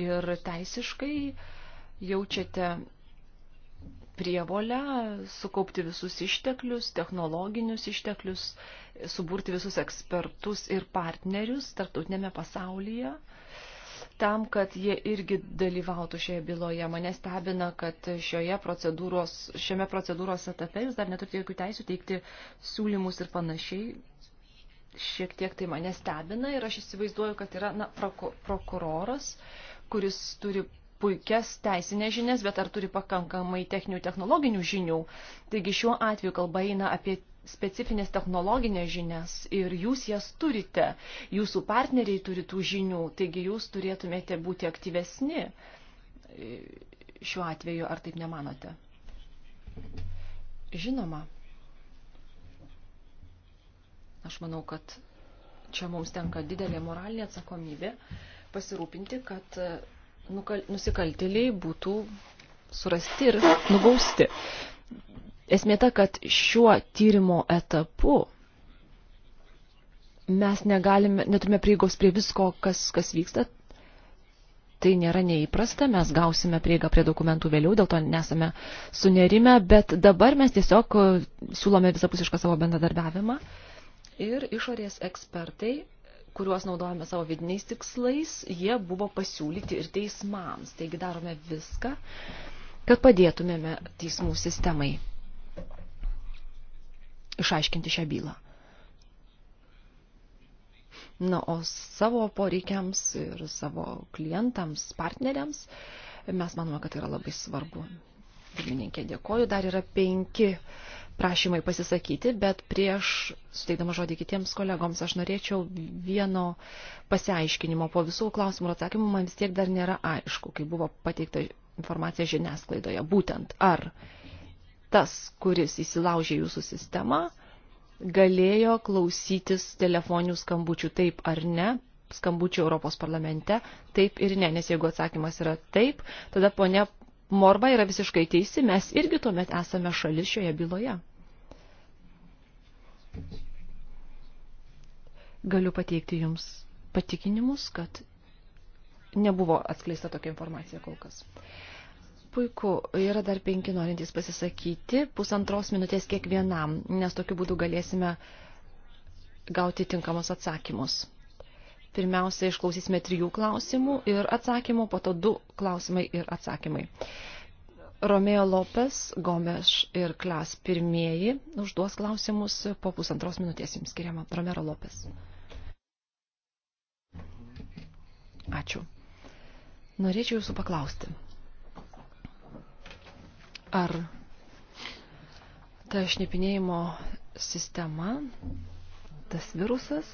ir teisiškai jaučiate prievolę sukaupti visus išteklius, technologinius išteklius, suburti visus ekspertus ir partnerius tarptautinėme pasaulyje, tam, kad jie irgi dalyvautų šioje byloje. Mane stebina, kad šioje procedūros, šiame procedūros etape jūs dar neturite jokių teisų teikti siūlymus ir panašiai. Šiek tiek tai mane stebina ir aš įsivaizduoju, kad yra na, prokuroras, kuris turi puikias teisinės žinias, bet ar turi pakankamai techninių technologinių žinių. Taigi šiuo atveju kalba eina apie specifines technologinės žinias ir jūs jas turite, jūsų partneriai turi tų žinių, taigi jūs turėtumėte būti aktyvesni šiuo atveju, ar taip nemanote? Žinoma. Aš manau, kad čia mums tenka didelė moralinė atsakomybė pasirūpinti, kad nusikaltėliai būtų surasti ir nubausti. Esmė ta, kad šiuo tyrimo etapu mes negalime, neturime prieigos prie visko, kas, kas vyksta. Tai nėra neįprasta, mes gausime prieigą prie dokumentų vėliau, dėl to nesame sunerime, bet dabar mes tiesiog e, siūlome visapusišką savo bendradarbiavimą ir išorės ekspertai, kuriuos naudojame savo vidiniais tikslais, jie buvo pasiūlyti ir teismams. Taigi darome viską, kad padėtumėme teismų sistemai išaiškinti šią bylą. Na, o savo poreikiams ir savo klientams, partneriams, mes manome, kad tai yra labai svarbu. Pirmininkė, dėkoju. Dar yra penki prašymai pasisakyti, bet prieš suteikdama žodį kitiems kolegoms, aš norėčiau vieno pasiaiškinimo. Po visų klausimų ir atsakymų man vis tiek dar nėra aišku, kai buvo pateikta informacija žiniasklaidoje. Būtent ar tas, kuris įsilaužė jūsų sistemą, galėjo klausytis telefonių skambučių taip ar ne, skambučių Europos parlamente, taip ir ne, nes jeigu atsakymas yra taip, tada ponia Morba yra visiškai teisi, mes irgi tuomet esame šalis šioje byloje. Galiu pateikti jums patikinimus, kad nebuvo atskleista tokia informacija kol kas. Puiku, yra dar penki norintys pasisakyti, pusantros minutės kiekvienam, nes tokiu būdu galėsime gauti tinkamus atsakymus. Pirmiausia, išklausysime trijų klausimų ir atsakymų, po to du klausimai ir atsakymai. Romeo Lopes, Gomes ir Klas pirmieji užduos klausimus po pusantros minutės jums skiriama. Romero Lopes. Ačiū. Norėčiau jūsų paklausti ar ta šnipinėjimo sistema, tas virusas,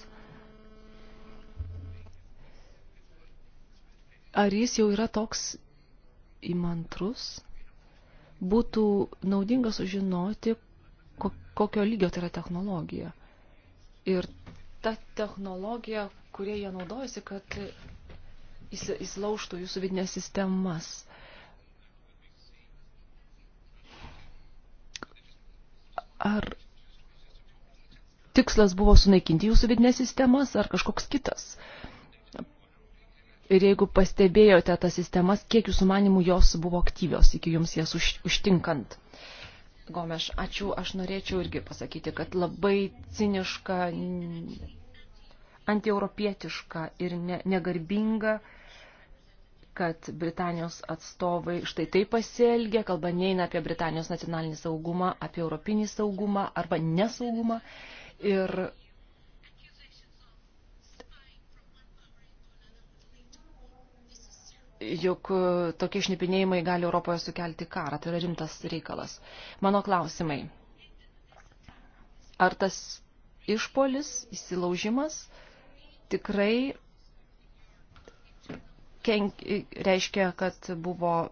ar jis jau yra toks įmantrus, būtų naudinga sužinoti, kokio lygio tai yra technologija. Ir ta technologija, kurie jie naudojasi, kad įsilaužtų jūsų vidinės sistemas. Ar tikslas buvo sunaikinti jūsų vidinės sistemas ar kažkoks kitas? Ir jeigu pastebėjote tas sistemas, kiek jūsų manimų jos buvo aktyvios iki jums jas už, užtinkant? Gomeš, ačiū, aš norėčiau irgi pasakyti, kad labai ciniška, antieuropietiška ir ne, negarbinga uh, kad Britanijos atstovai štai taip pasielgia, kalba neina apie Britanijos nacionalinį saugumą, apie europinį saugumą arba nesaugumą. Ir juk tokie šnipinėjimai gali Europoje sukelti karą, tai yra rimtas reikalas. Mano klausimai. Ar tas išpolis, įsilaužimas tikrai kenk, reiškia, kad buvo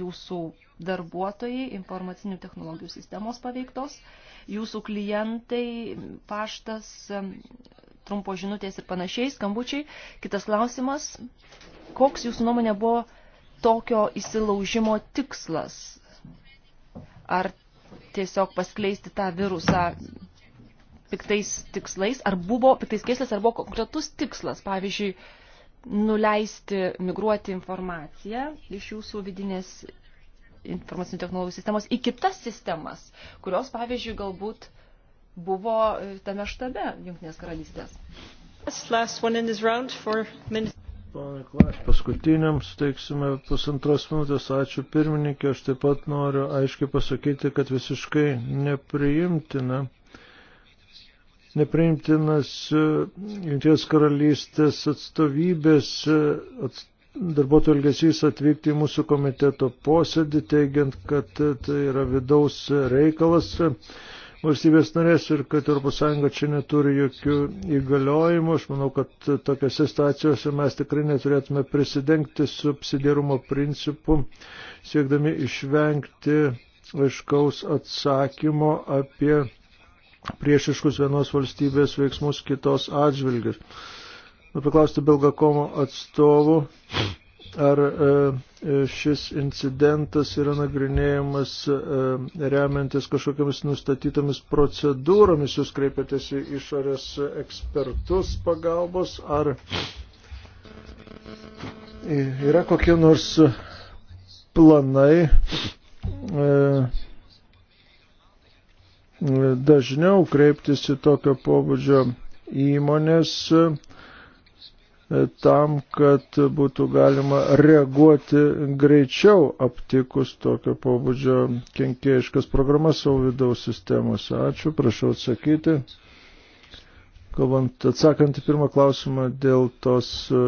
jūsų darbuotojai informacinių technologijų sistemos paveiktos, jūsų klientai, paštas, trumpo žinutės ir panašiai, skambučiai. Kitas klausimas, koks jūsų nuomonė buvo tokio įsilaužimo tikslas? Ar tiesiog paskleisti tą virusą piktais tikslais, ar buvo piktais keislas, ar buvo konkretus tikslas, pavyzdžiui, nuleisti, migruoti informaciją iš jūsų vidinės informacinių technologijų sistemos į kitas sistemas, kurios, pavyzdžiui, galbūt buvo e, tame štabe Junktinės karalystės. Pane Klaš, paskutiniam suteiksime pusantros minutės. Ačiū pirmininkė, aš taip pat noriu aiškiai pasakyti, kad visiškai nepriimtina. Ne? nepriimtinas e, Junkties karalystės atstovybės e, atstovybės darbuotojų elgesys atvykti į mūsų komiteto posėdį, teigiant, kad e, tai yra vidaus reikalas valstybės narės ir kad ES čia neturi jokių įgaliojimų. Aš manau, kad tokiose situacijose mes tikrai neturėtume prisidengti subsidiarumo principu, siekdami išvengti aiškaus atsakymo apie priešiškus vienos valstybės veiksmus kitos atžvilgius. Nu, paklausti Belgakomo atstovų, ar e, e, šis incidentas yra nagrinėjamas e, remiantis kažkokiamis nustatytomis procedūromis, jūs kreipiatės į išorės ekspertus pagalbos, ar yra kokie nors planai e, dažniau kreiptis į tokio pobūdžio įmonės e, tam, kad būtų galima reaguoti greičiau aptikus tokio pobūdžio kenkėjiškas programas savo vidaus sistemose. Ačiū, prašau atsakyti. Kalbant, atsakant į pirmą klausimą dėl tos e,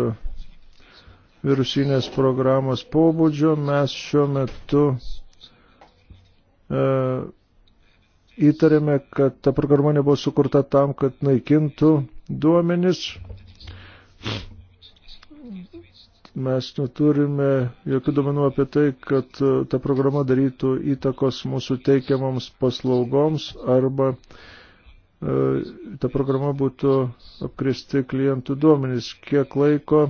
virusinės programos pobūdžio, mes šiuo metu e, įtarėme, kad ta programa nebuvo sukurta tam, kad naikintų duomenis. Mes neturime jokių duomenų apie tai, kad ta programa darytų įtakos mūsų teikiamoms paslaugoms arba e, ta programa būtų apkristi klientų duomenys. Kiek laiko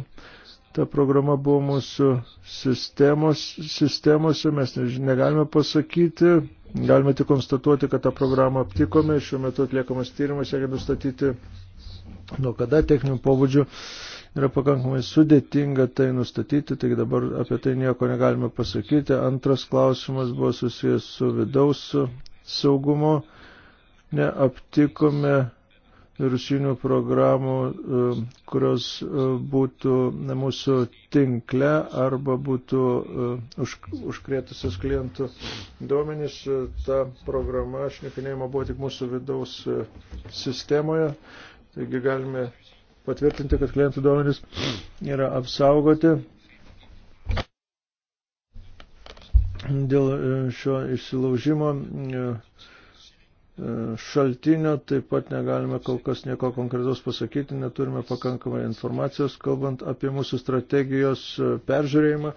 ta programa buvo mūsų sistemos, sistemose, mes negalime pasakyti, Galime tik konstatuoti, kad tą programą aptikome, šiuo metu atliekamas tyrimas, siekia nustatyti, nuo kada techninių pobūdžių yra pakankamai sudėtinga tai nustatyti, taigi dabar apie tai nieko negalime pasakyti. Antras klausimas buvo susijęs su vidaus saugumo. Neaptikome virusinių programų, e, kurios e, būtų mūsų tinkle arba būtų e, užkrėtusios klientų duomenys. Ta programa šnipinėjimo buvo tik mūsų vidaus sistemoje, taigi galime patvirtinti, kad klientų duomenys yra apsaugoti. Dėl šio išsilaužimo E, šaltinio, taip pat negalime kol kas nieko konkretaus pasakyti, neturime pakankamai informacijos, kalbant apie mūsų strategijos e, peržiūrėjimą.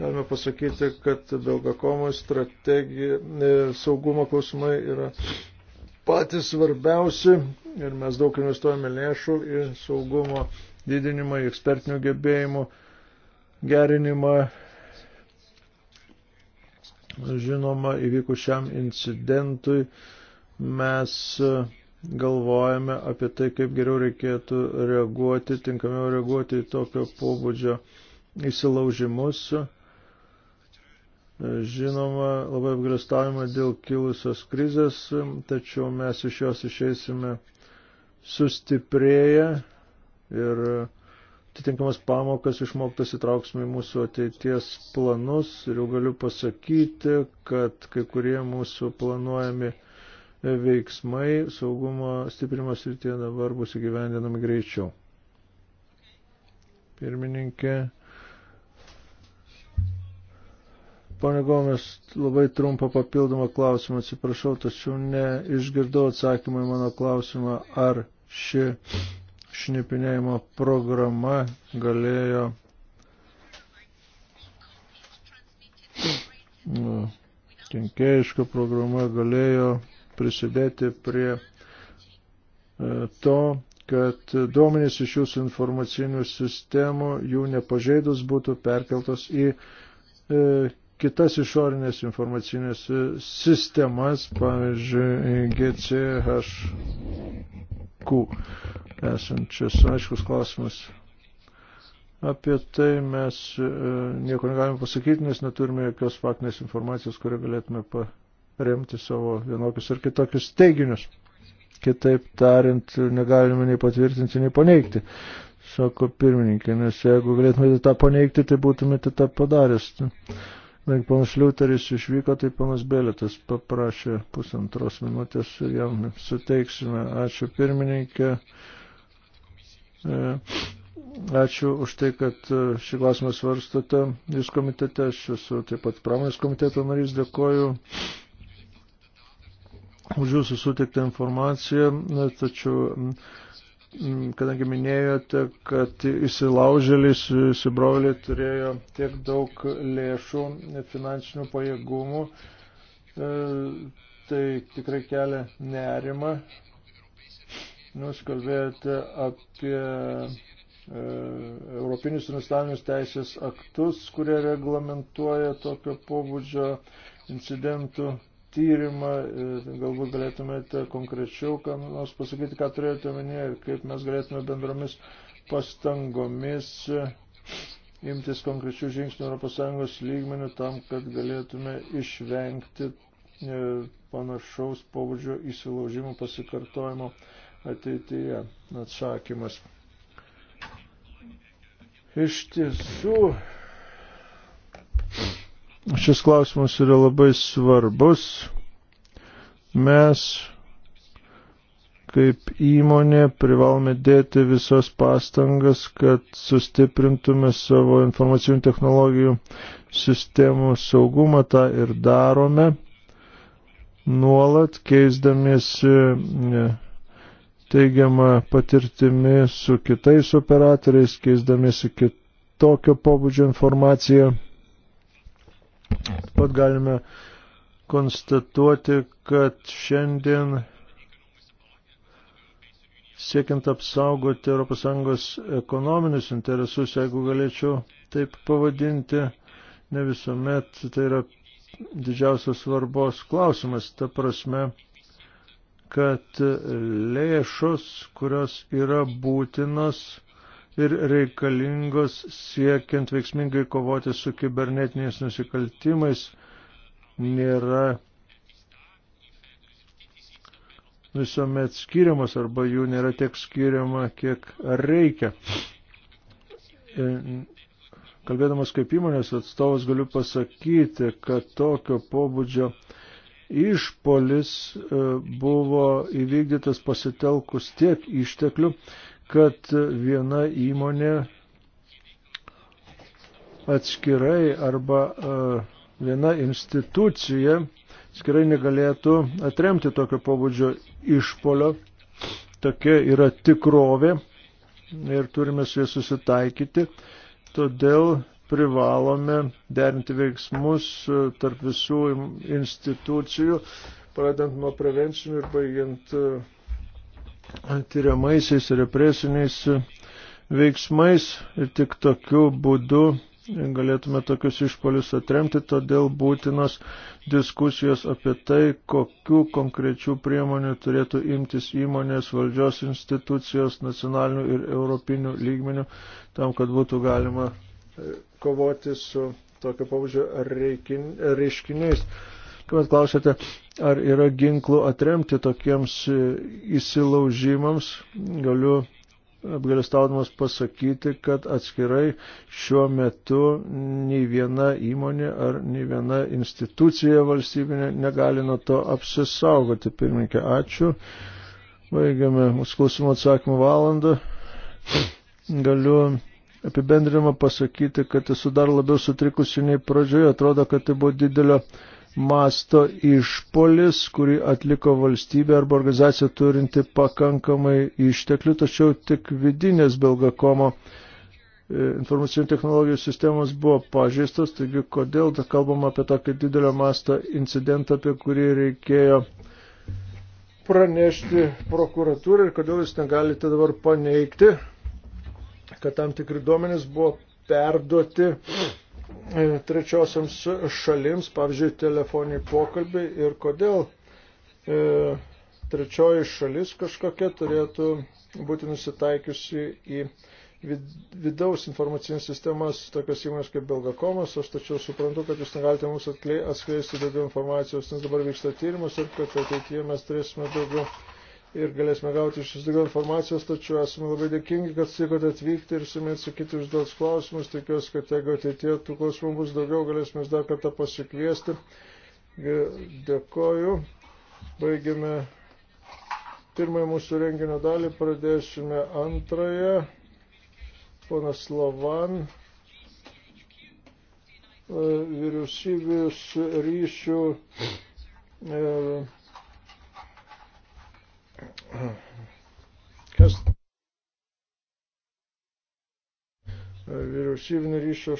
Galime pasakyti, kad Belgakomo strategija, e, saugumo klausimai yra patys svarbiausi ir mes daug investuojame lėšų į saugumo didinimą, į ekspertinių gebėjimų gerinimą. Žinoma, įvykus šiam incidentui, mes galvojame apie tai, kaip geriau reikėtų reaguoti, tinkamiau reaguoti į tokio pobūdžio įsilaužimus. Žinoma, labai apgrastavimą dėl kilusios krizės, tačiau mes iš jos išeisime sustiprėję ir atitinkamas pamokas išmoktas įtrauksime į mūsų ateities planus ir jau galiu pasakyti, kad kai kurie mūsų planuojami veiksmai saugumo stiprimo srityje dabar bus įgyvendinami greičiau. Pirmininkė. Pane Gomes, labai trumpą papildomą klausimą, atsiprašau, tačiau neišgirdau atsakymą į mano klausimą, ar ši šnipinėjimo programa galėjo nu, kenkėjiška programa galėjo prisidėti prie e, to, kad duomenys iš jūsų informacinių sistemų jų nepažeidus būtų perkeltos į e, kitas išorinės informacinės e, sistemas, pavyzdžiui, GCHQ esančias. Aiškus klausimas. Apie tai mes nieko negalime pasakyti, nes neturime jokios faktinės informacijos, kurią galėtume pa remti savo vienokius ar kitokius teiginius. Kitaip tariant, negalime nei patvirtinti, nei paneigti, sako pirmininkė, nes jeigu galėtumėte tą paneigti, tai būtumėte tą padaręs. Kadangi panas Liuteris išvyko, tai panas Belėtas paprašė pusantros minutės ir jam suteiksime. Ačiū pirmininkė. E, ačiū už tai, kad e, šį klausimą svarstote. Jūs komitete, aš esu taip pat pramonės komiteto narys, dėkoju už jūsų sutiktą informaciją, tačiau mm, mm, kadangi minėjote, kad įsilaužėliai, įsibrovėliai turėjo tiek daug lėšų, finansinių pajėgumų, e, tai tikrai kelia nerima. Jūs kalbėjote apie e, Europinius nustavimus teisės aktus, kurie reglamentuoja tokio pobūdžio incidentų tyrimą, galbūt galėtumėte konkrečiau, ką nors pasakyti, ką turėjote omenyje ir kaip mes galėtume bendromis pastangomis imtis konkrečių žingsnių ES lygmenių tam, kad galėtume išvengti e, panašaus pobūdžio įsilaužimų pasikartojimo ateityje. Atsakymas. Iš tiesų, šis klausimas yra labai svarbus. Mes kaip įmonė privalome dėti visas pastangas, kad sustiprintume savo informacinių technologijų sistemų saugumą, tą ir darome, nuolat keisdamiesi teigiamą patirtimi su kitais operatoriais, keisdamiesi kitokio pobūdžio informaciją. Pat galime konstatuoti, kad šiandien siekiant apsaugoti ES ekonominius interesus, jeigu galėčiau taip pavadinti, ne visuomet tai yra didžiausios svarbos klausimas. Ta prasme, kad lėšos, kurios yra būtinos, ir reikalingos siekiant veiksmingai kovoti su kibernetiniais nusikaltimais nėra visuomet skiriamos arba jų nėra tiek skiriama, kiek reikia. E, kalbėdamas kaip įmonės atstovas galiu pasakyti, kad tokio pobūdžio išpolis e, buvo įvykdytas pasitelkus tiek išteklių, kad viena įmonė atskirai arba e, viena institucija atskirai negalėtų atremti tokio pobūdžio išpolio. Tokia yra tikrovė ir turime su jie susitaikyti. Todėl privalome derinti veiksmus e, tarp visų institucijų, pradant nuo prevencinių ir baigiant e, tyriamaisiais represiniais veiksmais ir tik tokiu būdu galėtume tokius išpolius atremti, todėl būtinos diskusijos apie tai, kokiu konkrečių priemonių turėtų imtis įmonės, valdžios institucijos, nacionalinių ir europinių lygmenių, tam, kad būtų galima e, kovoti su tokio pavyzdžio reiškiniais kuomet klausėte, ar yra ginklų atremti tokiems e, įsilaužimams, galiu apgalėstaudamas pasakyti, kad atskirai šiuo metu nei viena įmonė ar nei viena institucija valstybinė negali nuo to apsisaugoti. Pirminkė, ačiū. Baigiame mūsų klausimų atsakymų valandą. Galiu apibendrimą pasakyti, kad esu dar labiau sutrikusi nei pradžioje. Atrodo, kad tai buvo didelio masto išpolis, kurį atliko valstybė arba organizacija turinti pakankamai išteklių, tačiau tik vidinės Belgakomo e, informacinių technologijų sistemos buvo pažeistos, taigi kodėl ta kalbama apie tokį didelio masto incidentą, apie kurį reikėjo pranešti prokuratūrai ir kodėl jūs negalite dabar paneigti, kad tam tikri duomenys buvo perduoti trečiosiams šalims, pavyzdžiui, telefoniniai pokalbiai ir kodėl e, trečioji šalis kažkokia turėtų būti nusitaikiusi į vidaus informacinės sistemas, tokios įmonės kaip Belgakomas, aš tačiau suprantu, kad jūs negalite mums atskleisti daugiau informacijos, nes dabar vyksta tyrimas ir kad ateityje mes turėsime daugiau ir galėsime gauti iš jūsų daugiau informacijos, tačiau esame labai dėkingi, kad sutikote atvykti ir sumėt sakyti užduotus klausimus. Tikiuosi, kad jeigu ateitie tų klausimų bus daugiau, galėsime dar kartą pasikviesti. Dėkoju. Baigėme pirmąją mūsų renginio dalį, pradėsime antrąją. Ponas Lovan, e, vyriausybės ryšių. Ir e, Kas? Vyriausybinio ryšio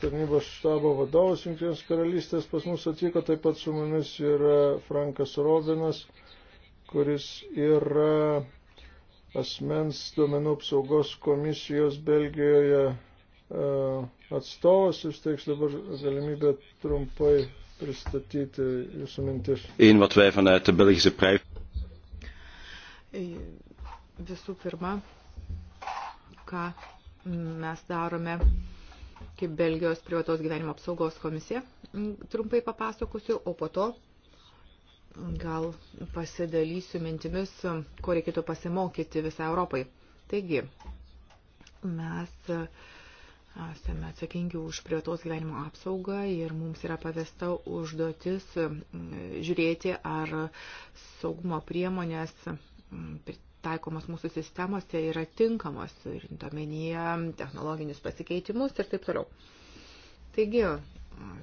tarnybos štabo vadovas Junktinės karalystės pas mus atvyko, taip pat su mumis yra Frankas Robinas, kuris yra asmens duomenų apsaugos komisijos Belgijoje e, atstovas, jūs teiks dabar galimybę trumpai pristatyti jūsų mintis. In wat wij vanuit de Belgische prijs. Visų pirma, ką mes darome kaip Belgijos privatos gyvenimo apsaugos komisija, trumpai papasakosiu, o po to gal pasidalysiu mintimis, ko reikėtų pasimokyti visą Europai. Taigi, mes esame atsakingi už privataus gyvenimo apsaugą ir mums yra pavesta užduotis žiūrėti, ar saugumo priemonės taikomos mūsų sistemose yra tinkamos, turint omenyje technologinius pasikeitimus ir taip toliau. Taigi,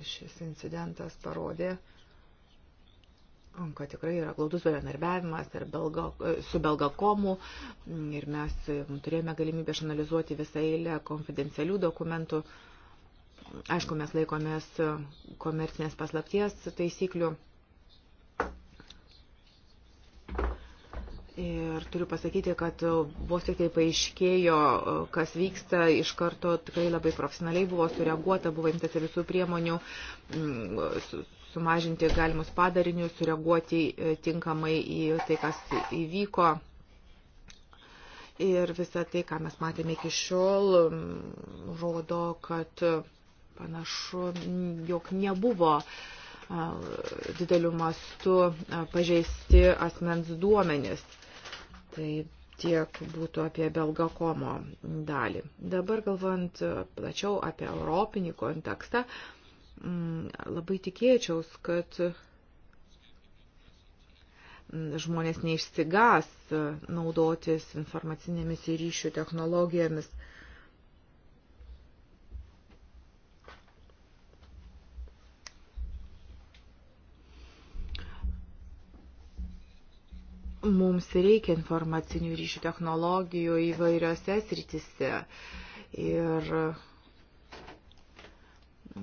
šis incidentas parodė, kad tikrai yra glaudus bendarbiavimas belga, su Belgakomu ir mes turėjome galimybę išanalizuoti visą eilę konfidencialių dokumentų. Aišku, mes laikomės komercinės paslapties taisyklių Ir turiu pasakyti, kad e, vos tik tai paaiškėjo, e, kas vyksta, iš karto tikrai labai profesionaliai buvo sureaguota, buvo imtasi visų priemonių mm, sumažinti galimus padarinius, sureaguoti e, tinkamai į tai, kas įvyko. Ir visą tai, ką mes matėme iki šiol, mm, rodo, kad panašu, jog nebuvo dideliu mastu pažeisti asmens duomenis. Tai tiek būtų apie Belgakomo dalį. Dabar galvant plačiau apie europinį kontekstą, mm, labai tikėčiaus, kad žmonės neišsigas naudotis informacinėmis ir ryšių technologijomis. Mums reikia informacinių ryšių technologijų įvairiose sritise. Ir uh,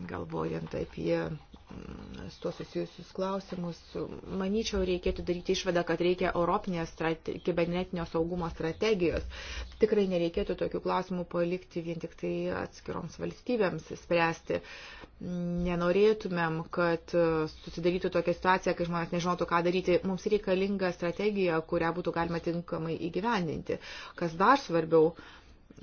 galvojant apie mm, su tuo susijusius klausimus, manyčiau, reikėtų daryti išvadą, kad reikia Europinės strate... kibernetinio saugumo strategijos. Tikrai nereikėtų tokių klausimų palikti vien tik tai atskiroms valstybėms spręsti. Nenorėtumėm, kad susidarytų tokia situacija, kai žmonės nežinotų, ką daryti. Mums reikalinga strategija, kurią būtų galima tinkamai įgyvendinti. Kas dar svarbiau,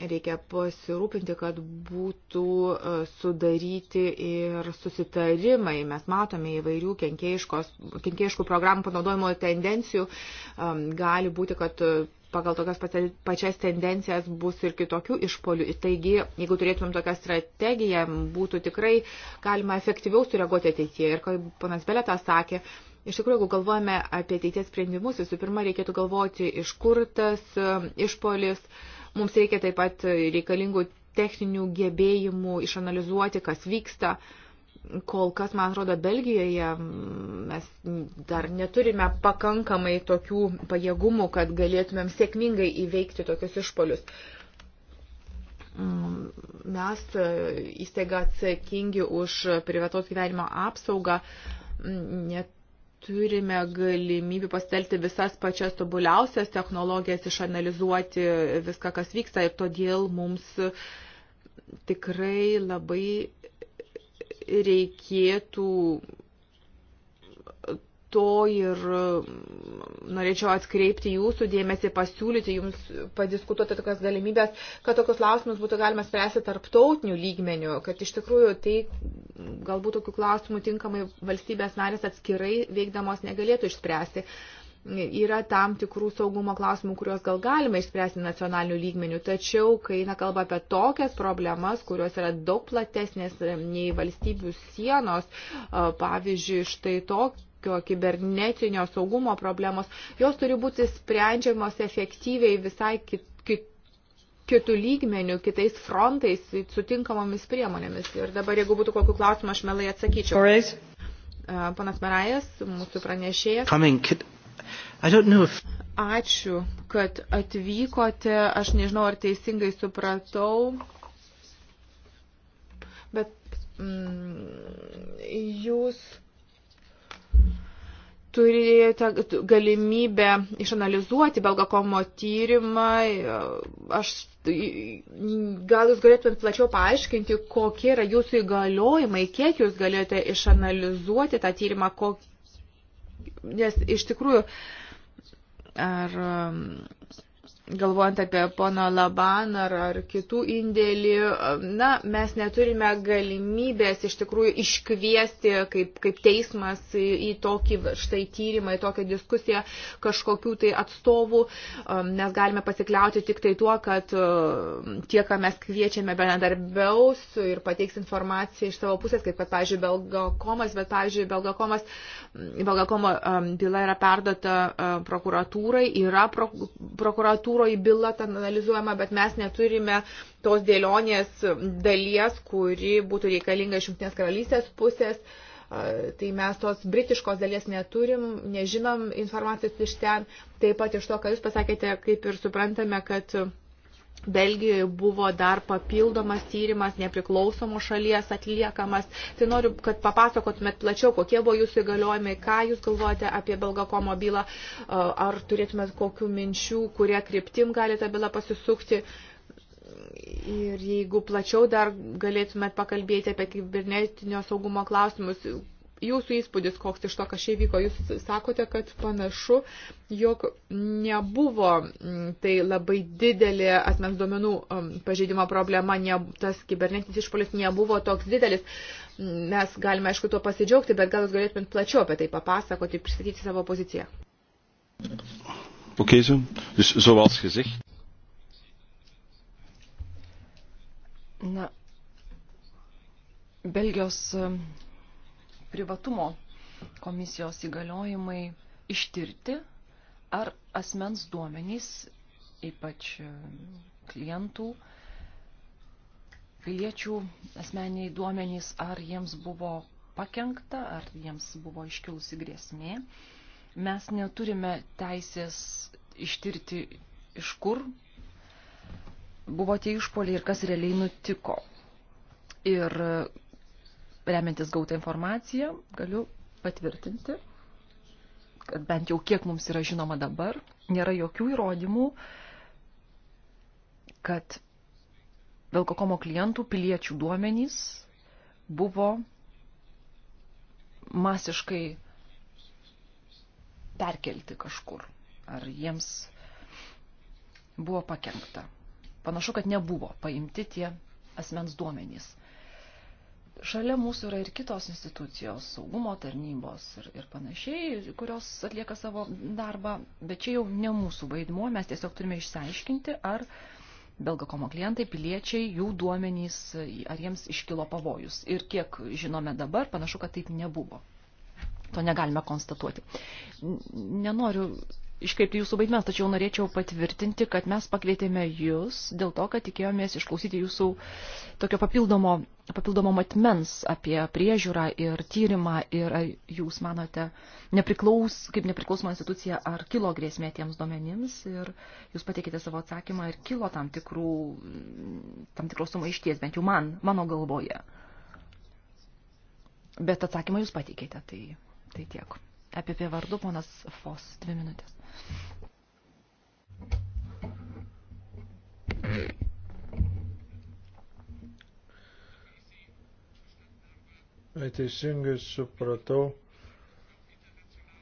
reikia pasirūpinti, kad būtų e, sudaryti ir susitarimai. Mes matome įvairių kenkėjiškų programų panaudojimo tendencijų. E, gali būti, kad e, pagal tokias pačias tendencijas bus ir kitokių išpolių. Taigi, jeigu turėtumėm tokią strategiją, būtų tikrai galima efektyviau sureaguoti ateityje. Ir kaip panas Beletas sakė, Iš tikrųjų, jeigu galvojame apie ateities sprendimus, visų pirma, reikėtų galvoti, iš kur tas išpolis, uh, Mums reikia taip pat reikalingų techninių gebėjimų išanalizuoti, kas vyksta. Kol kas, man atrodo, Belgijoje mes dar neturime pakankamai tokių pajėgumų, kad galėtumėm sėkmingai įveikti tokius išpolius mes e, įstaiga atsakingi už privatos gyvenimo apsaugą net turime galimybių pasitelti visas pačias tobuliausias technologijas, išanalizuoti viską, kas vyksta ir todėl mums tikrai labai reikėtų to ir mm, norėčiau atkreipti jūsų dėmesį, pasiūlyti jums padiskutuoti tokias galimybės, kad tokius klausimus būtų galima spręsti tarptautinių lygmenių, kad iš tikrųjų tai galbūt tokių klausimų tinkamai valstybės narės atskirai veikdamos negalėtų išspręsti. Yra tam tikrų saugumo klausimų, kuriuos gal galima išspręsti nacionalinių lygmenių, tačiau kai eina kalba apie tokias problemas, kurios yra daug platesnės e, nei valstybių sienos, e, pavyzdžiui, štai tokia tokio kibernetinio saugumo problemos, jos turi būti sprendžiamos efektyviai visai kit, kit, kitų lygmenių, kitais frontais, sutinkamomis priemonėmis. Ir dabar, jeigu būtų kokiu klausimu, aš melai atsakyčiau. Panas Merajas, mūsų pranešėjas. Coming, if... Ačiū, kad atvykote. Aš nežinau, ar teisingai supratau, bet mm, jūs turėjote galimybę išanalizuoti Belgakomo tyrimą. Aš, gal jūs galėtumėt plačiau paaiškinti, kokie yra jūsų įgaliojimai, kiek jūs galėjote išanalizuoti tą tyrimą, kok... nes iš tikrųjų, ar galvojant apie pono Laban ar, ar kitų indėlį, na, mes neturime galimybės iš tikrųjų iškviesti kaip, kaip teismas į, į tokį štai tyrimą, į tokią diskusiją kažkokių tai atstovų. Um, mes galime pasikliauti tik tai tuo, kad um, tie, ką mes kviečiame bendradarbiaus ir pateiks informaciją iš savo pusės, kaip kad, pavyzdžiui, Belgakomas, bet, pavyzdžiui, Belgakomas, Belgakomo um, byla yra perdota uh, prokuratūrai, yra pro, prokuratūra prokuratūroje byla ten analizuojama, bet mes neturime tos dėlionės dalies, kuri būtų reikalinga iš Junktinės karalystės pusės. Tai mes tos britiškos dalies neturim, nežinom informacijos iš ten. Taip pat iš to, ką Jūs pasakėte, kaip ir suprantame, kad Belgijoje buvo dar papildomas tyrimas, nepriklausomos šalies atliekamas. Tai noriu, kad papasakotumėt plačiau, kokie buvo jūsų įgaliojimai, ką jūs galvojate apie Belgakomo bylą, ar turėtumėt kokių minčių, kurie kryptim gali tą bylą pasisukti. Ir jeigu plačiau dar galėtumėt pakalbėti apie kibernetinio saugumo klausimus, jūsų įspūdis, koks iš to, kas čia vyko. Jūs sakote, kad panašu, jog nebuvo mm, tai labai didelė asmens duomenų mm, pažeidimo problema, ne, tas kibernetinis išpolis nebuvo toks didelis. Mm, mes galime, aišku, tuo pasidžiaugti, bet gal jūs galėtumėt plačiau apie tai papasakoti, pristatyti savo poziciją. Okay, so. Dus zoals gezegd. Na, Belgijos privatumo komisijos įgaliojimai ištirti, ar asmens duomenys, ypač e, klientų, piliečių asmeniai duomenys, ar jiems buvo pakengta, ar jiems buvo iškilusi grėsmė. Mes neturime teisės ištirti, iš kur buvo tie išpoliai ir kas realiai nutiko. Ir remiantis gautą informaciją, galiu patvirtinti, kad bent jau kiek mums yra žinoma dabar, nėra jokių įrodymų, kad Vilkokomo klientų piliečių duomenys buvo masiškai perkelti kažkur. Ar jiems buvo pakengta. Panašu, kad nebuvo paimti tie asmens duomenys. Šalia mūsų yra ir kitos institucijos, saugumo tarnybos ir, ir panašiai, kurios atlieka savo darbą, bet čia jau ne mūsų vaidmuo, mes tiesiog turime išsiaiškinti, ar Belgakomo klientai, piliečiai, jų duomenys, ar jiems iškilo pavojus. Ir kiek žinome dabar, panašu, kad taip nebuvo. To negalime konstatuoti. Nenoriu iškreipti jūsų vaidmens, tačiau norėčiau patvirtinti, kad mes pakvietėme jūs dėl to, kad tikėjomės išklausyti jūsų tokio papildomo, papildomo matmens apie priežiūrą ir tyrimą ir jūs manote, nepriklaus, kaip nepriklausoma institucija, ar kilo grėsmė tiems duomenims ir jūs pateikite savo atsakymą ir kilo tam, tikrų, tam tikros sumaišties, bent jau man, mano galvoje. Bet atsakymą jūs pateikėte, tai, tai tiek apie pie vardu, ponas Fos, dvi minutės. Teisingai supratau,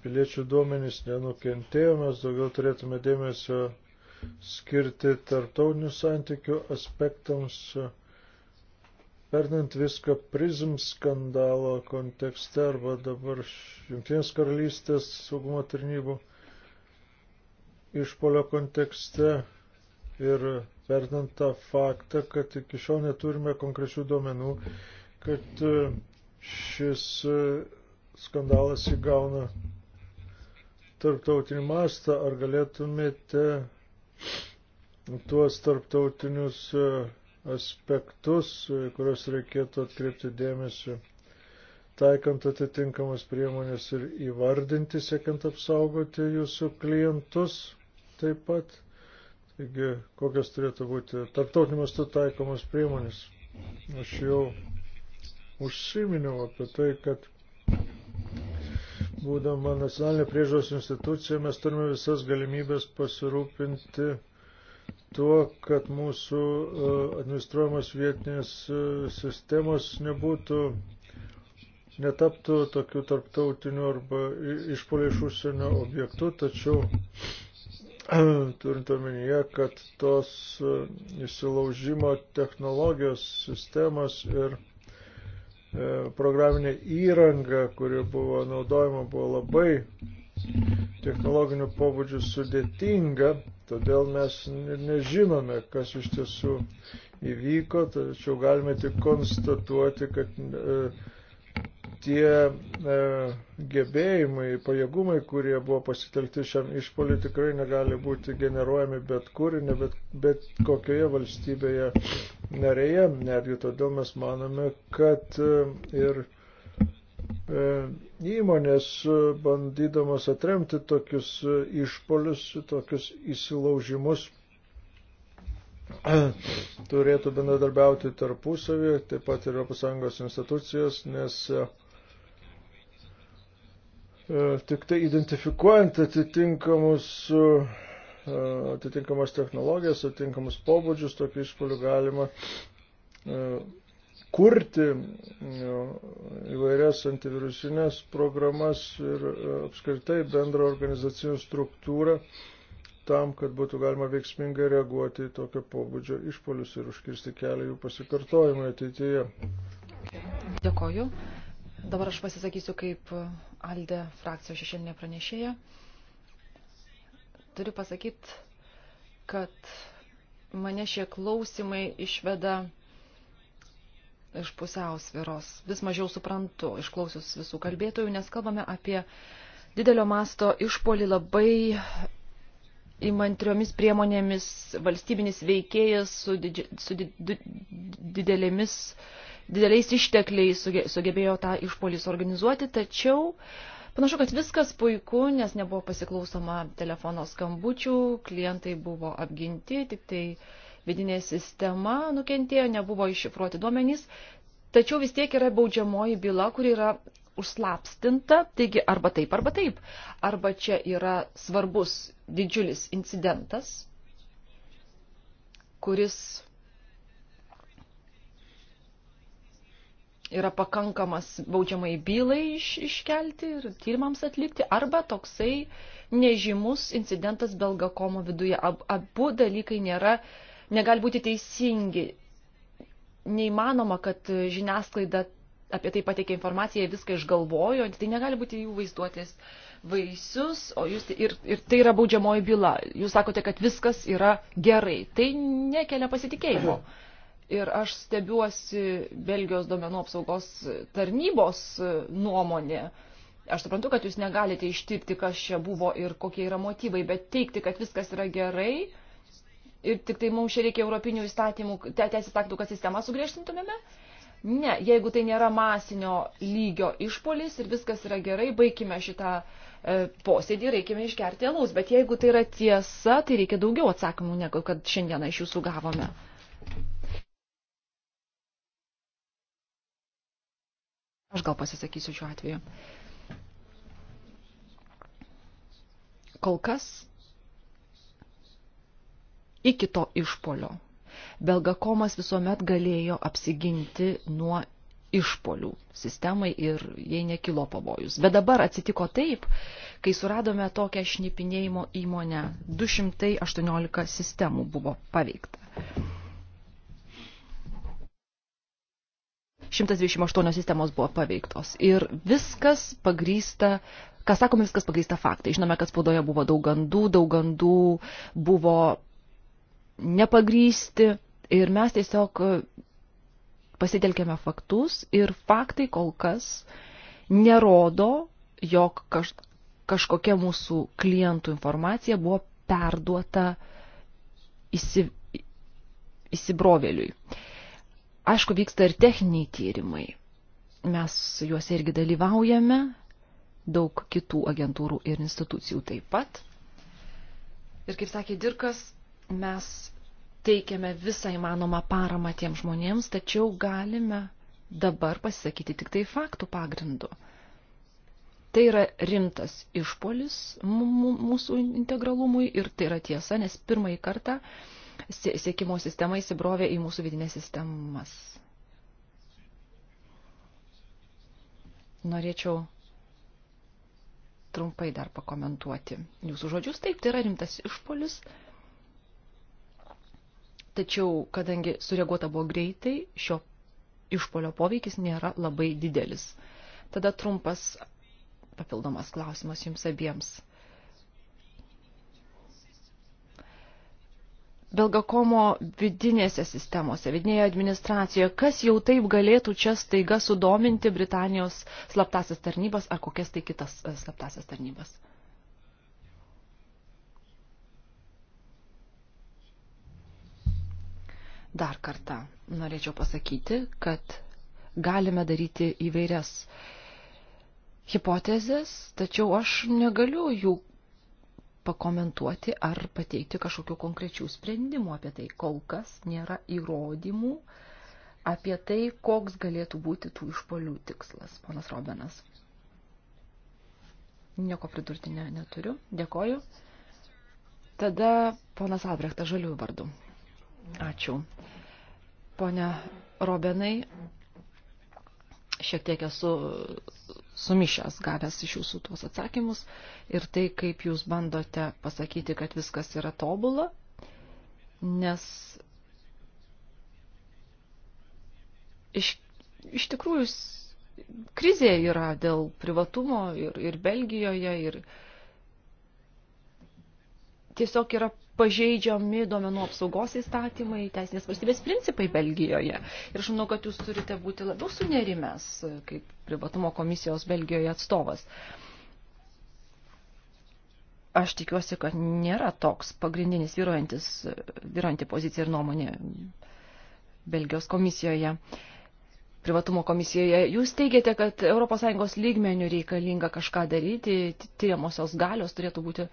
piliečių duomenys nenukentėjo, mes daugiau turėtume dėmesio skirti tarptautinių santykių aspektams. Uh, Vertinant viską prizm skandalo kontekste arba dabar Junktinės karalystės saugumo tarnybų išpolio kontekste ir vertinant tą faktą, kad iki šiol neturime konkrečių duomenų, kad e, šis e, skandalas įgauna tarptautinį mastą, ar galėtumėte tuos tarptautinius e, aspektus, kuriuos reikėtų atkreipti dėmesį, taikant atitinkamas priemonės ir įvardinti, siekiant apsaugoti jūsų klientus taip pat. Taigi, kokios turėtų būti tarptautiniu mastu taikomos priemonės. Aš jau užsiminiau apie tai, kad būdama nacionalinė priežos institucija mes turime visas galimybės pasirūpinti tuo, kad mūsų e, administruojamos vietinės e, sistemos nebūtų, netaptų tokių tarptautinių arba išpolių iš užsienio objektų, tačiau e, turint omenyje, kad tos įsilaužimo technologijos sistemos ir programinė įranga, kuri buvo naudojama, buvo labai technologinių pobūdžių sudėtinga, Todėl mes nežinome, kas iš tiesų įvyko, tačiau galime tik konstatuoti, kad e, tie e, gebėjimai, pajėgumai, kurie buvo pasitelkti šiam išpoliui, tikrai negali būti generuojami bet kur, ne bet, bet kokioje valstybėje narėje. Netgi todėl mes manome, kad e, ir E, įmonės, e, bandydamos atremti tokius e, išpolius, tokius įsilaužimus, turėtų bendradarbiauti tarpusavį, taip pat ir ES institucijos, nes tik tai identifikuojant atitinkamus atitinkamas technologijas, atitinkamus pobūdžius, tokių išpolių galima kurti įvairias antivirusinės programas ir e, apskritai bendrą organizacinę struktūrą tam, kad būtų galima veiksmingai reaguoti į tokio pobūdžio išpolius ir užkirsti kelią jų pasikartojimui ateityje. Dėkoju. Dabar aš pasisakysiu kaip e, Alde frakcijos šešėlinė pranešėja. Turiu pasakyti, kad mane šie klausimai išveda iš pusiausviros. Vis mažiau suprantu, išklausius visų kalbėtojų, nes kalbame apie didelio masto išpolį labai įmantriomis priemonėmis valstybinis veikėjas su, didži, su di, di, didelėmis, dideliais ištekliais suge, sugebėjo tą išpolį suorganizuoti, tačiau panašu, kad viskas puiku, nes nebuvo pasiklausoma telefono skambučių, klientai buvo apginti, tik tai uh, vidinė sistema nukentėjo, nebuvo iššifruoti duomenys, tačiau vis tiek yra baudžiamoji byla, kuri yra užslapstinta, taigi arba taip, arba taip. Arba čia yra svarbus didžiulis incidentas, kuris yra pakankamas baudžiamai bylai iš, iškelti ir tyrimams atlikti, arba toksai nežymus incidentas Belgakomo viduje. Ab, abu dalykai nėra negali būti teisingi. Neįmanoma, kad žiniasklaida apie tai pateikė informaciją, viską išgalvojo, tai negali būti jų vaizduotės vaisius, o jūs, tai ir, ir tai yra baudžiamoji byla. Jūs sakote, kad viskas yra gerai. Tai nekelia pasitikėjimo. Ir aš stebiuosi Belgijos domenų apsaugos tarnybos nuomonė. Aš suprantu, kad jūs negalite ištirti, kas čia buvo ir kokie yra motyvai, bet teikti, kad viskas yra gerai, ir tik tai mums čia reikia europinių įstatymų, teisės aktų, kad sistemą sugriežtintumėme. Ne, jeigu tai nėra masinio lygio išpolis ir viskas yra gerai, baigime šitą e, posėdį, reikime išgerti alaus. Bet jeigu tai yra tiesa, tai reikia daugiau atsakymų, negu kad šiandieną iš jūsų gavome. Aš gal pasisakysiu šiuo atveju. Kol kas iki to išpolio. Belgakomas visuomet galėjo apsiginti nuo išpolių sistemai ir jai nekilo pavojus. Bet dabar atsitiko taip, kai suradome tokią šnipinėjimo įmonę, 218 sistemų buvo paveikta. 128 sistemos buvo paveiktos ir viskas pagrysta ką sakome, viskas pagrįsta faktai. Žinome, kad spaudoje buvo daug gandų, daug gandų buvo nepagrysti ir mes tiesiog e, pasitelkėme faktus ir faktai kol kas nerodo, jog kaž, kažkokia mūsų klientų informacija buvo perduota įsi, įsibrovėliui. Aišku, vyksta ir techniniai tyrimai. Mes juose irgi dalyvaujame, daug kitų agentūrų ir institucijų taip pat. Ir kaip sakė Dirkas, Mes teikiame visą įmanomą paramą tiem žmonėms, tačiau galime dabar pasisakyti tik tai faktų pagrindu. Tai yra rimtas išpolis mūsų integralumui ir tai yra tiesa, nes pirmąjį kartą siekimo sistema įsibrovė į mūsų vidinės sistemas. Norėčiau trumpai dar pakomentuoti jūsų žodžius. Taip, tai yra rimtas išpolis. Tačiau, kadangi sureaguota buvo greitai, šio išpolio poveikis nėra labai didelis. Tada trumpas papildomas klausimas jums abiems. Belgakomo vidinėse sistemose, vidinėje administracijoje, kas jau taip galėtų čia staiga sudominti Britanijos slaptasias tarnybas ar kokias tai kitas e, slaptasias tarnybas? Dar kartą norėčiau pasakyti, kad galime daryti įvairias hipotezės, tačiau aš negaliu jų pakomentuoti ar pateikti kažkokių konkrečių sprendimų apie tai. Kol kas nėra įrodymų apie tai, koks galėtų būti tų išpolių tikslas, ponas Robenas. Nieko pridurti ne, neturiu. Dėkoju. Tada ponas Albrechtas žaliųjų vardu. Ačiū. Pone Robenai, šiek tiek esu sumišęs gavęs iš jūsų tuos atsakymus ir tai, kaip jūs bandote pasakyti, kad viskas yra tobula, nes iš, iš tikrųjų krizė yra dėl privatumo ir, ir Belgijoje ir tiesiog yra pažeidžiami duomenų apsaugos įstatymai, teisinės valstybės principai Belgijoje. Ir aš manau, kad jūs turite būti labiau sunerimęs kaip privatumo komisijos Belgijoje atstovas. Aš tikiuosi, kad nėra toks pagrindinis vyruojanti pozicija ir nuomonė Belgijos komisijoje. Uh, privatumo komisijoje. Jūs teigiate, kad ES lygmenių reikalinga kažką daryti, tyriamosios galios turėtų būti,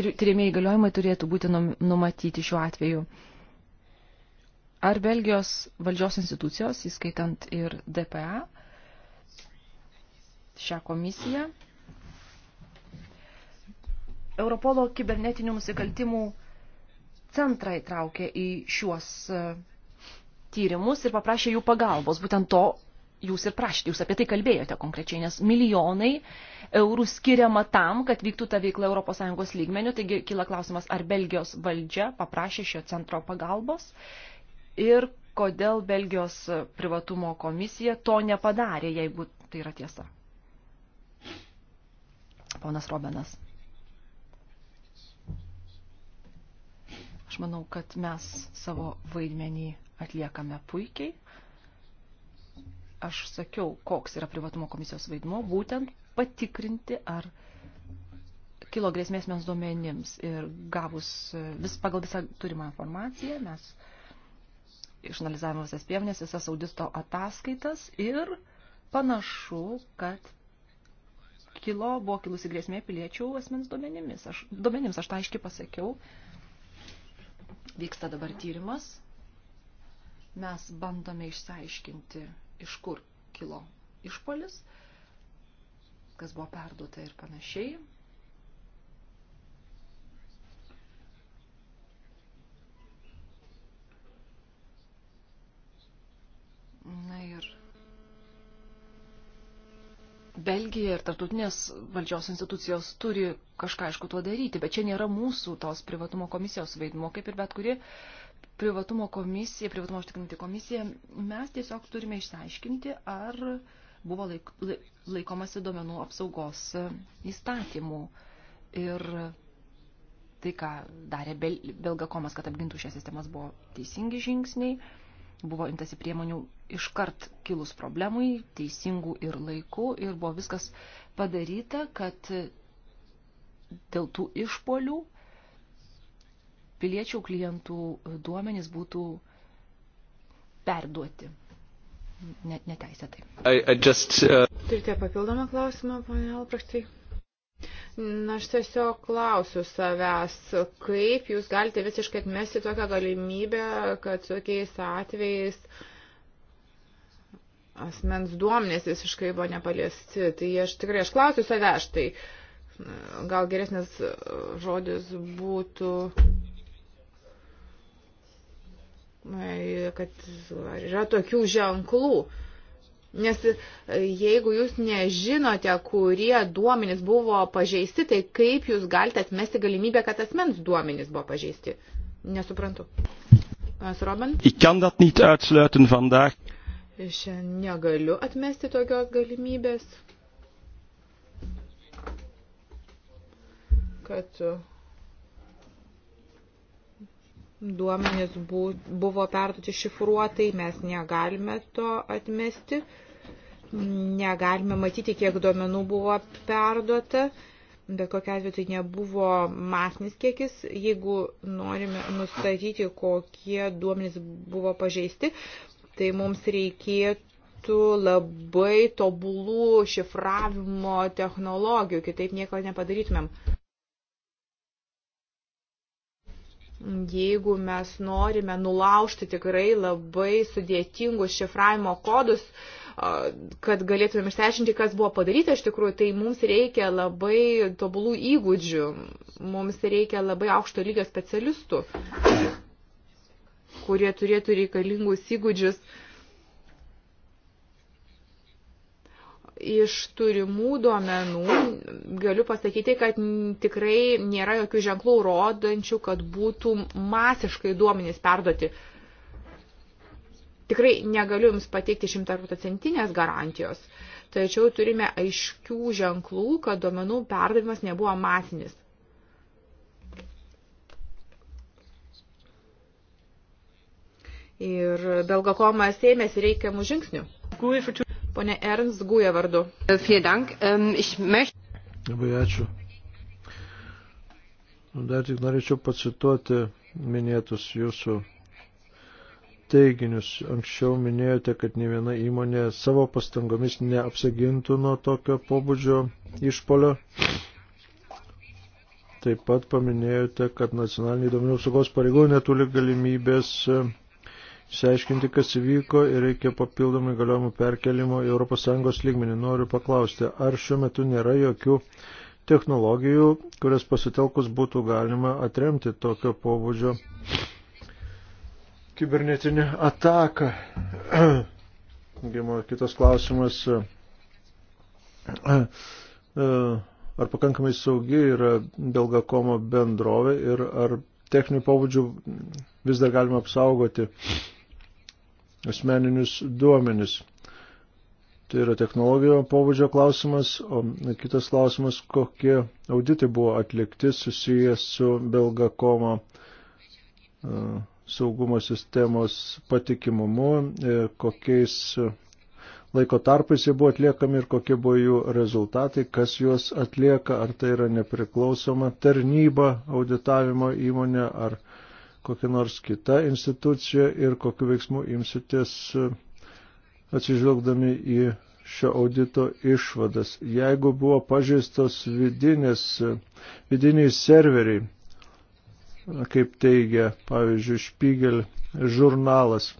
tyrimieji galiojimai turėtų būti numatyti šiuo atveju. Ar Belgijos valdžios institucijos, įskaitant ir DPA, šią komisiją, Europolo kibernetinių nusikaltimų centrą įtraukė į šiuos tyrimus ir paprašė jų pagalbos. Būtent to jūs ir prašėte, jūs apie tai kalbėjote konkrečiai, nes milijonai eurų skiriama tam, kad vyktų ta veikla ES lygmenių, taigi kyla klausimas, ar Belgijos valdžia paprašė šio centro pagalbos ir kodėl Belgijos privatumo komisija to nepadarė, jeigu tai yra tiesa. Ponas Robenas. Aš manau, kad mes savo vaidmenį atliekame puikiai. Aš sakiau, koks yra privatumo komisijos vaidmo, būtent patikrinti, ar kilo grėsmės mens duomenims ir gavus e, vis pagal visą turimą informaciją mes išanalizavome visas priemonės, visas audito ataskaitas ir panašu, kad kilo, buvo kilusi grėsmė piliečių asmens duomenimis. Aš, duomenims, aš tą aiškiai pasakiau. Vyksta dabar tyrimas mes bandome išsiaiškinti, iš kur kilo išpolis, kas buvo perduota ir panašiai. Na ir Belgija ir tartutinės valdžios institucijos turi kažką aišku tuo daryti, bet čia nėra mūsų tos privatumo komisijos vaidmo, kaip ir bet kuri uh, privatumo komisija, privatumo užtikrinti komisija, mes tiesiog turime išsiaiškinti, ar buvo laik, laikomasi duomenų apsaugos įstatymų. Ir tai, ką darė Bel, Belgakomas, kad apgintų šias sistemas, buvo teisingi žingsniai, buvo imtasi priemonių iškart kilus problemui, teisingų ir laikų, ir buvo viskas padaryta, kad dėl tų išpolių piliečių klientų duomenys būtų perduoti net neteisėtai. Uh... Turite papildomą klausimą, ponė Alpraštai? Na, aš tiesiog klausiu savęs, kaip jūs galite visiškai atmesti tokią galimybę, kad tokiais atvejais asmens duomenės visiškai buvo nepaliesti. Tai aš tikrai, aš klausiu savęs, tai gal geresnis žodis būtų kad yra tokių ženklų. Nes e, jeigu jūs nežinote, kurie duomenys buvo pažeisti, tai kaip jūs galite atmesti galimybę, kad asmens duomenys buvo pažeisti? Nesuprantu. Mas Robin? Ik kan dat niet uitsluiten vandaag. Šiandien negaliu atmesti tokios galimybės, kad duomenys buvo perduoti šifruotai, mes negalime to atmesti, negalime matyti, kiek duomenų buvo perduota, bet kokia atveju tai nebuvo masinis kiekis. Jeigu norime nustatyti, kokie duomenys buvo pažeisti, tai mums reikėtų labai tobulų šifravimo technologijų, kitaip nieko nepadarytumėm. jeigu mes norime nulaužti tikrai labai sudėtingus šifravimo kodus, kad galėtumėm išsiaiškinti, kas buvo padaryta iš tikrųjų, tai mums reikia labai tobulų įgūdžių, mums reikia labai aukšto lygio specialistų, kurie turėtų reikalingus įgūdžius uh, iš turimų duomenų galiu pasakyti, kad tikrai nėra jokių ženklų rodančių, kad būtų masiškai duomenys perduoti. Tikrai negaliu Jums pateikti šimtarprocentinės garantijos, tačiau turime aiškių ženklų, kad duomenų perdavimas nebuvo masinis. Ir Belgakomas ėmėsi reikiamų žingsnių. Pone Ernst Guja vardu. Ähm, Labai ačiū. Dar tik norėčiau pacituoti minėtus jūsų teiginius. Anksčiau minėjote, kad ne viena įmonė savo pastangomis neapsigintų nuo tokio pobūdžio išpolio. Taip pat paminėjote, kad nacionaliniai duomenų apsaugos pareigūnai neturi galimybės išsiaiškinti, kas įvyko ir reikia papildomai galiojimų perkelimo į ES lygmenį. Noriu paklausti, ar šiuo metu nėra jokių technologijų, kurias pasitelkus būtų galima atremti tokio pobūdžio kibernetinį ataką. Kitas klausimas, ar pakankamai saugi yra Belgakomo bendrovė ir ar techninių pobūdžių vis dar galima apsaugoti asmeninius duomenis. Tai yra technologijo pobūdžio klausimas, o kitas klausimas, kokie auditai buvo atlikti susijęs su Belgakomo e, saugumo sistemos patikimumu, e, kokiais laiko tarpais jie buvo atliekami ir kokie buvo jų rezultatai, kas juos atlieka, ar tai yra nepriklausoma tarnyba, auditavimo įmonė, ar kokia nors kita institucija ir kokiu veiksmu imsitės e, atsižvelgdami į šio audito išvadas. Jeigu buvo pažeistos vidinės, e, vidiniai serveriai, kaip teigia, pavyzdžiui, Špygel žurnalas,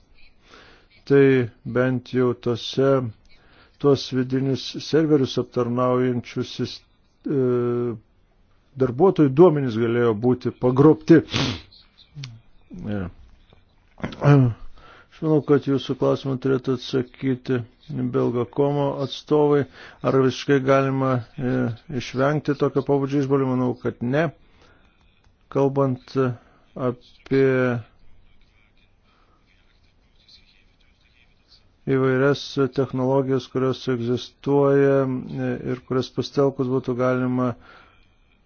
tai bent jau tose, tuos vidinius serverius aptarnaujančius e, darbuotojų duomenys galėjo būti pagrobti Aš manau, kad jūsų klausimą turėtų atsakyti Belgakomo atstovai. Ar visiškai galima e, išvengti tokio pabudžio išbolių? Manau, kad ne. Kalbant e, apie įvairias technologijas, kurios egzistuoja e, ir kurias pastelkus būtų galima uh,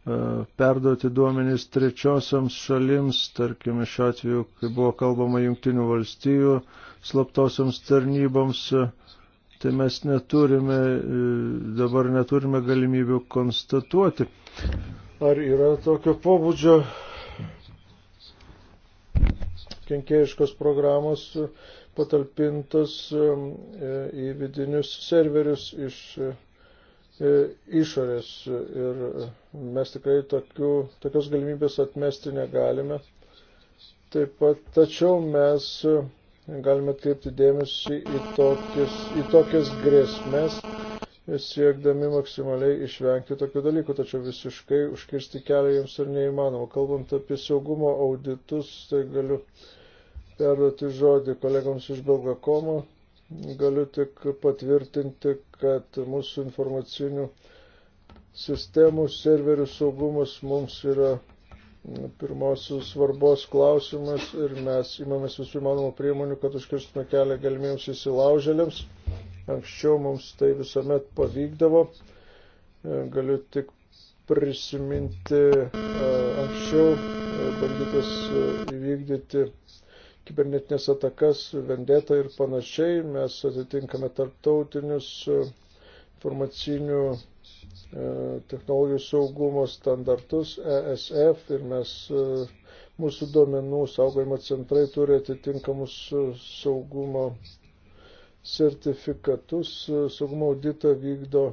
E, perduoti duomenys trečiosioms šalims, tarkime šiuo atveju, kai buvo kalbama jungtinių valstijų slaptosioms tarnyboms, tai mes neturime, e, dabar neturime galimybių konstatuoti. Ar yra tokio pobūdžio kenkėjiškos programos patalpintos e, į vidinius serverius iš išorės ir mes tikrai tokių, tokios galimybės atmesti negalime. Taip pat, tačiau mes galime kreipti dėmesį į tokias, į tokias grėsmės, siekdami maksimaliai išvengti tokių dalykų, tačiau visiškai užkirsti kelią jiems ir neįmanoma. Kalbant apie saugumo auditus, tai galiu perduoti žodį kolegams iš Belgakomo, galiu tik patvirtinti, kad mūsų informacinių sistemų serverių saugumas mums yra pirmosios svarbos klausimas ir mes imamės visų įmanomų priemonių, kad užkirstume kelią galimiems įsilaužėliams. Anksčiau mums tai visuomet pavykdavo. E, galiu tik prisiminti e, anksčiau e, bandytas įvykdyti kibernetinės atakas, vendetą ir panašiai. Mes atitinkame tarptautinius e, informacinių e, technologijų saugumo standartus ESF ir mes e, mūsų duomenų saugojimo centrai turi atitinkamus saugumo sertifikatus, saugumo auditą vykdo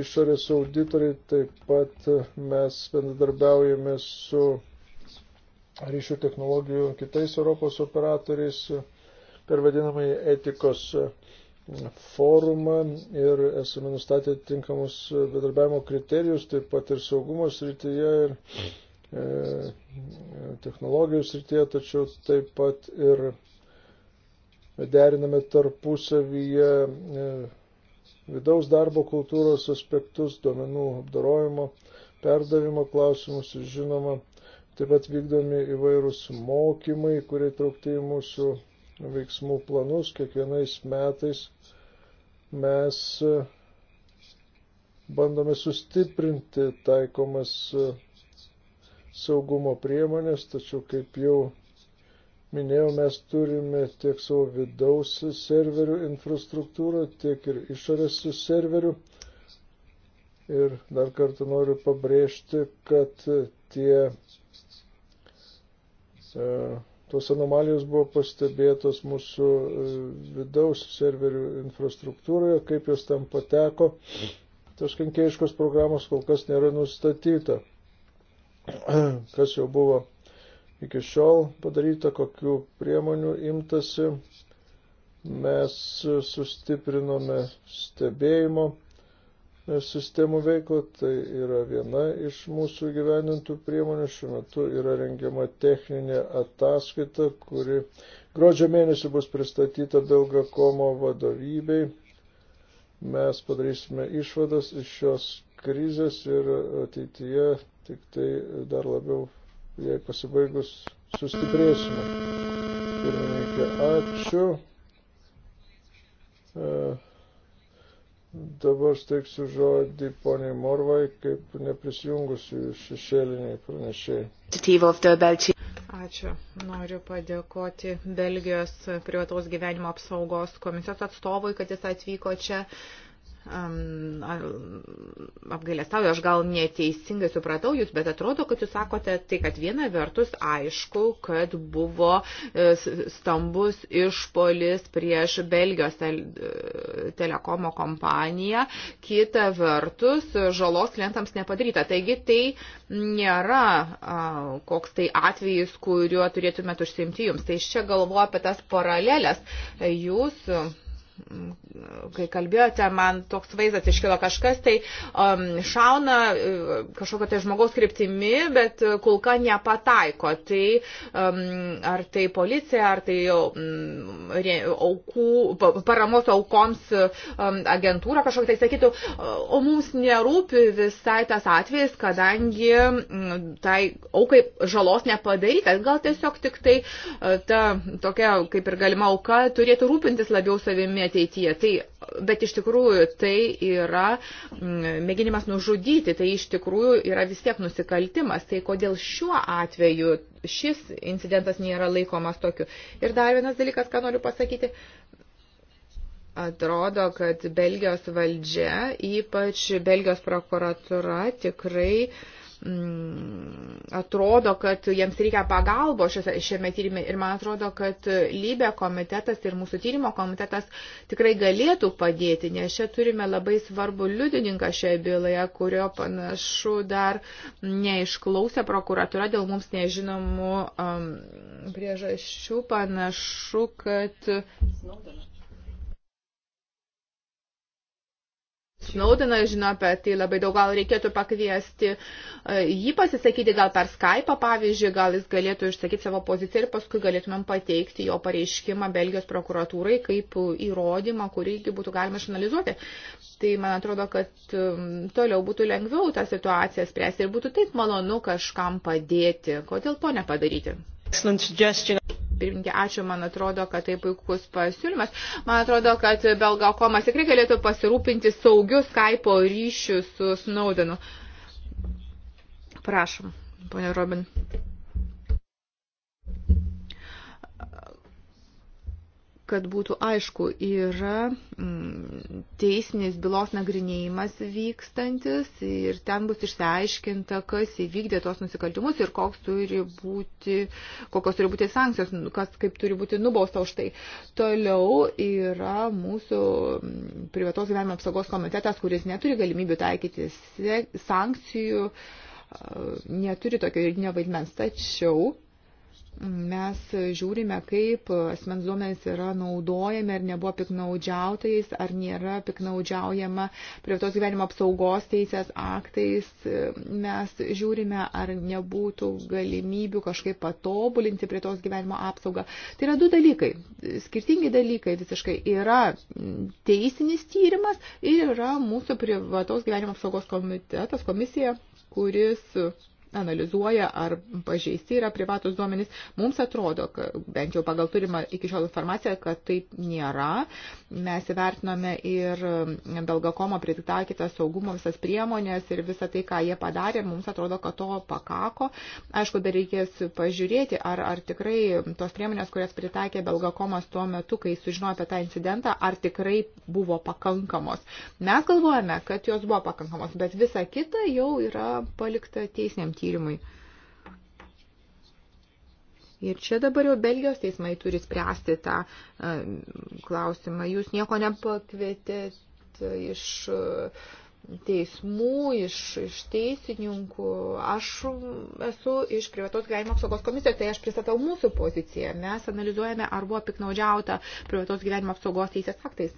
išorės auditoriai, taip pat mes bendradarbiaujame su ryšių technologijų kitais Europos operatoriais per vadinamąjį etikos forumą ir esame nustatę tinkamus bedarbiavimo kriterijus, taip pat ir saugumo srityje ir e, technologijų srityje, tačiau taip pat ir deriname tarpusavyje e, vidaus darbo kultūros aspektus, duomenų apdarojimo, perdavimo klausimus ir žinoma, Taip pat vykdomi įvairūs mokymai, kurie traukti į mūsų veiksmų planus. Kiekvienais metais mes e, bandome sustiprinti taikomas e, saugumo priemonės, tačiau kaip jau minėjau, mes turime tiek savo vidaus serverių infrastruktūrą, tiek ir išorės serverių. Ir dar kartą noriu pabrėžti, kad tie E, tos anomalijos buvo pastebėtos mūsų e, vidaus serverių infrastruktūroje, kaip jos ten pateko. Tos kenkėjiškos programos kol kas nėra nustatyta, kas jau buvo iki šiol padaryta, kokiu priemonių imtasi. Mes sustiprinome stebėjimo sistemų veiklą. Tai yra viena iš mūsų gyvenintų priemonių. Šiuo metu yra rengiama techninė ataskaita, kuri gruodžio mėnesį bus pristatyta Belgakomo vadovybei. Mes padarysime išvadas iš šios krizės ir ateityje tik tai dar labiau jai pasibaigus sustiprėsime. Pirmininkė, ačiū. Uh Dabar steiksiu žodį poniai Morvai, kaip neprisijungusių šešėliniai pranešėjai. Ačiū. Noriu padėkoti Belgijos privataus gyvenimo apsaugos komisijos atstovui, kad jis atvyko čia apgailestauju, aš gal neteisingai supratau jūs, bet atrodo, kad jūs sakote tai, kad viena vertus aišku, kad buvo e, stambus išpolis prieš Belgijos e, telekomo kompaniją, kita vertus žalos klientams nepadaryta. Taigi tai nėra koks tai atvejis, kuriuo turėtumėt užsimti jums. Tai iš čia galvoju apie tas paralelės. Jūs kai kalbėjote, man toks vaizdas iškilo kažkas, tai um, šauna uh, kažkokio tai žmogaus kryptimi, bet uh, kulka nepataiko. Tai um, ar tai policija, ar tai um, aukų, paramos aukoms um, agentūra kažkokia tai sakytų, uh, o mums nerūpi visai tas atvejis, kadangi um, tai aukai žalos nepadaryta. Gal tiesiog tik tai ta tokia kaip ir galima auka turėtų rūpintis labiau savimi ateityje. Tai, bet iš tikrųjų tai yra mm, mėginimas nužudyti, tai iš tikrųjų yra vis tiek nusikaltimas. Tai kodėl šiuo atveju šis incidentas nėra laikomas tokiu. Ir dar vienas dalykas, ką noriu pasakyti. Atrodo, kad Belgijos valdžia, ypač Belgijos prokuratura, tikrai uh, Mm, atrodo, kad jiems reikia pagalbo šiame tyrimė ir man atrodo, kad lybė komitetas ir mūsų tyrimo komitetas tikrai galėtų padėti, nes čia turime labai svarbų liudininką šioje byloje, kurio panašu dar neišklausė prokuratura dėl mums nežinomų um, priežasčių, panašu, kad. Snowdenas. Snowdeną žino apie tai labai daug, gal reikėtų pakviesti e, jį pasisakyti, gal per Skype, pavyzdžiui, gal jis galėtų išsakyti savo poziciją ir paskui galėtumėm pateikti jo pareiškimą Belgijos prokuratūrai kaip įrodymą, kurį būtų galima išanalizuoti. Tai man atrodo, kad um, toliau būtų lengviau tą situaciją spręsti ir būtų taip malonu kažkam padėti. Kodėl to nepadaryti? Pirminkė, ačiū, man atrodo, kad tai puikus pasiūlymas. Man atrodo, kad Belgakomas tikrai galėtų pasirūpinti saugiu Skype ryšiu su Snowdenu. Prašom, ponia Robin. kad būtų aišku, yra mm, teisinis bylos nagrinėjimas vykstantis ir ten bus išsiaiškinta, kas įvykdė tos nusikaltimus ir koks turi būti, kokios turi būti sankcijos, kas kaip turi būti nubausta už tai. Toliau yra mūsų mm, privatos gyvenimo apsaugos komitetas, kuris neturi galimybių taikyti sankcijų, neturi tokio juridinio vaidmens. Tačiau mes žiūrime, kaip asmens duomenys yra naudojami, ar nebuvo piknaudžiautais, ar nėra piknaudžiaujama privataus gyvenimo apsaugos teisės aktais. Mes žiūrime, ar nebūtų galimybių kažkaip patobulinti privataus gyvenimo apsaugą. Tai yra du dalykai, skirtingi dalykai visiškai. Yra teisinis tyrimas ir yra mūsų privataus gyvenimo apsaugos komitetas, komisija, kuris analizuoja, ar pažeisti yra privatus duomenys. Mums atrodo, bent jau pagal turimą iki šiol informaciją, kad taip nėra. Mes įvertinome ir Belgakomo mm, pritaikytą saugumo visas priemonės ir visą tai, ką jie padarė. Mums atrodo, kad to pakako. Aišku, dar reikės pažiūrėti, ar, ar tikrai tos priemonės, kurias pritaikė Belgakomas tuo metu, kai sužinojo apie tą incidentą, ar tikrai buvo pakankamos. Mes galvojame, kad jos buvo pakankamos, bet visa kita jau yra palikta teisiniam tyrimui. Ir čia dabar jau Belgijos teismai turi spręsti tą e, klausimą. Jūs nieko nepakvietėt iš uh, teismų, iš, iš teisininkų. Aš esu iš privatos gyvenimo apsaugos komisijos, tai aš pristatau mūsų poziciją. Mes analizuojame, ar buvo piknaudžiauta privatos gyvenimo apsaugos teisės aktais.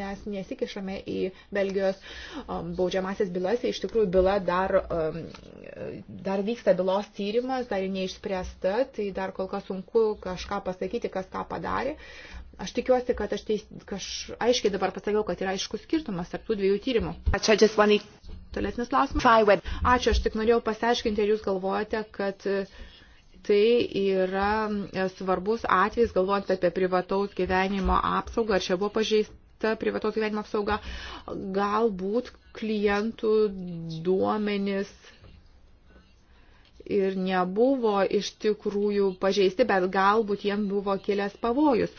Mes nesikišame į Belgijos um, baudžiamasias bylas. Iš tikrųjų, byla dar, um, dar vyksta bylos tyrimas, dar neišspręsta, tai dar kol kas sunku kažką pasakyti, kas ką padarė. Aš tikiuosi, kad aš, teis, kaž, aiškiai dabar pasakiau, kad yra aiškus skirtumas tarp tų dviejų tyrimų. Tolesnis klausimas. Ačiū, aš tik norėjau pasiaiškinti, ar jūs galvojate, kad e, tai yra e, svarbus atvejs, galvojant apie privataus gyvenimo apsaugą, ar čia buvo pažeista privataus gyvenimo apsauga, galbūt klientų duomenis ir nebuvo iš tikrųjų pažeisti, bet galbūt jiems buvo kilęs pavojus.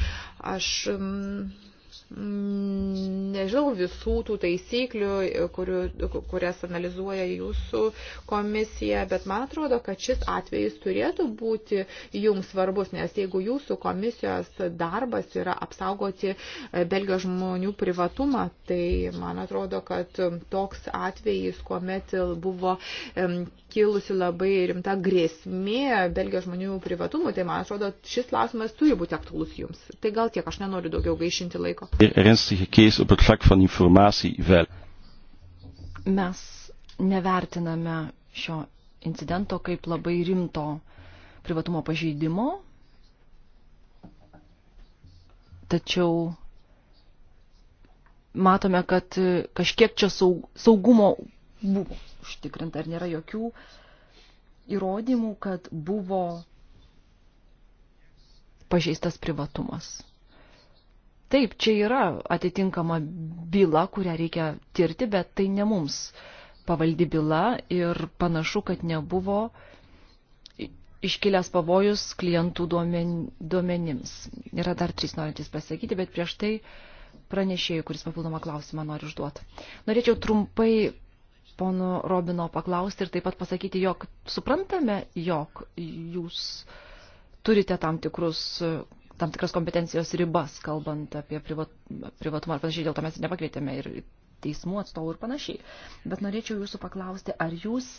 Aš mm, Mm, nežinau visų tų taisyklių, kurių, kurias analizuoja jūsų komisija, bet man atrodo, kad šis atvejis turėtų būti jums svarbus, nes jeigu jūsų komisijos darbas yra apsaugoti e, Belgijos žmonių privatumą, tai man atrodo, kad toks atvejis, kuomet buvo kilusi labai rimta grėsmė Belgijos žmonių privatumui, tai man atrodo, šis klausimas turi būti aktuolus jums. Tai gal tiek, aš nenoriu daugiau gaišinti laiko zeer ernstige case op het vlak van informatieveiligheid. Mes nevertiname šio incidento kaip labai rimto privatumo pažeidimo, tačiau matome, kad kažkiek čia saugumo buvo užtikrinta ir nėra jokių įrodymų, kad buvo pažeistas privatumas. Taip, čia yra atitinkama byla, kurią reikia tirti, bet tai ne mums pavaldi byla ir panašu, kad nebuvo iškilęs pavojus klientų duomen, duomenims. Yra dar trys norintys pasakyti, bet prieš tai pranešėjų, kuris papildomą klausimą nori užduoti. Norėčiau trumpai pono Robino paklausti ir taip pat pasakyti, jog suprantame, jog jūs turite tam tikrus tam tikras kompetencijos ribas, kalbant apie privat, privatumą ar panašiai, dėl to mes ir nepakvietėme ir teismų atstovų ir panašiai. Bet norėčiau jūsų paklausti, ar jūs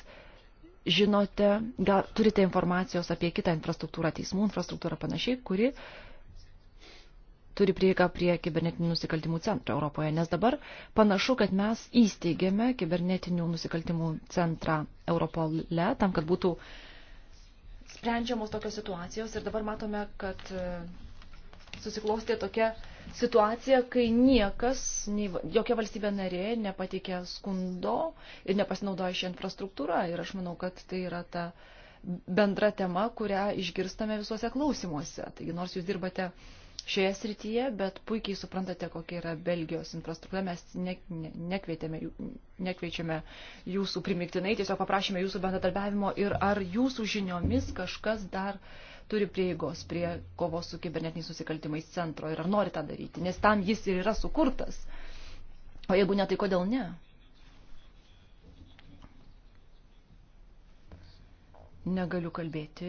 žinote, gal turite informacijos apie kitą infrastruktūrą, teismų infrastruktūrą panašiai, kuri turi prieigą prie kibernetinių nusikaltimų centro Europoje, nes dabar panašu, kad mes įsteigėme kibernetinių nusikaltimų centrą Europole tam, kad būtų sprendžiamos tokios situacijos ir dabar matome, kad susiklostė tokia situacija, kai niekas, nei, jokia valstybė narė nepateikė skundo ir nepasinaudoja šią infrastruktūrą. Ir aš manau, kad tai yra ta bendra tema, kurią išgirstame visuose klausimuose. Taigi nors jūs dirbate šioje srityje, bet puikiai suprantate, kokia yra Belgijos infrastruktūra. Mes ne, ne, nekvietėme, nekviečiame jūsų primiktinai, tiesiog paprašėme jūsų bendradarbiavimo ir ar jūsų žiniomis kažkas dar uh, turi prieigos prie kovos su kibernetiniais nusikaltimais centro ir ar nori tą daryti, nes tam jis ir yra sukurtas. O jeigu ne, tai kodėl ne? Negaliu kalbėti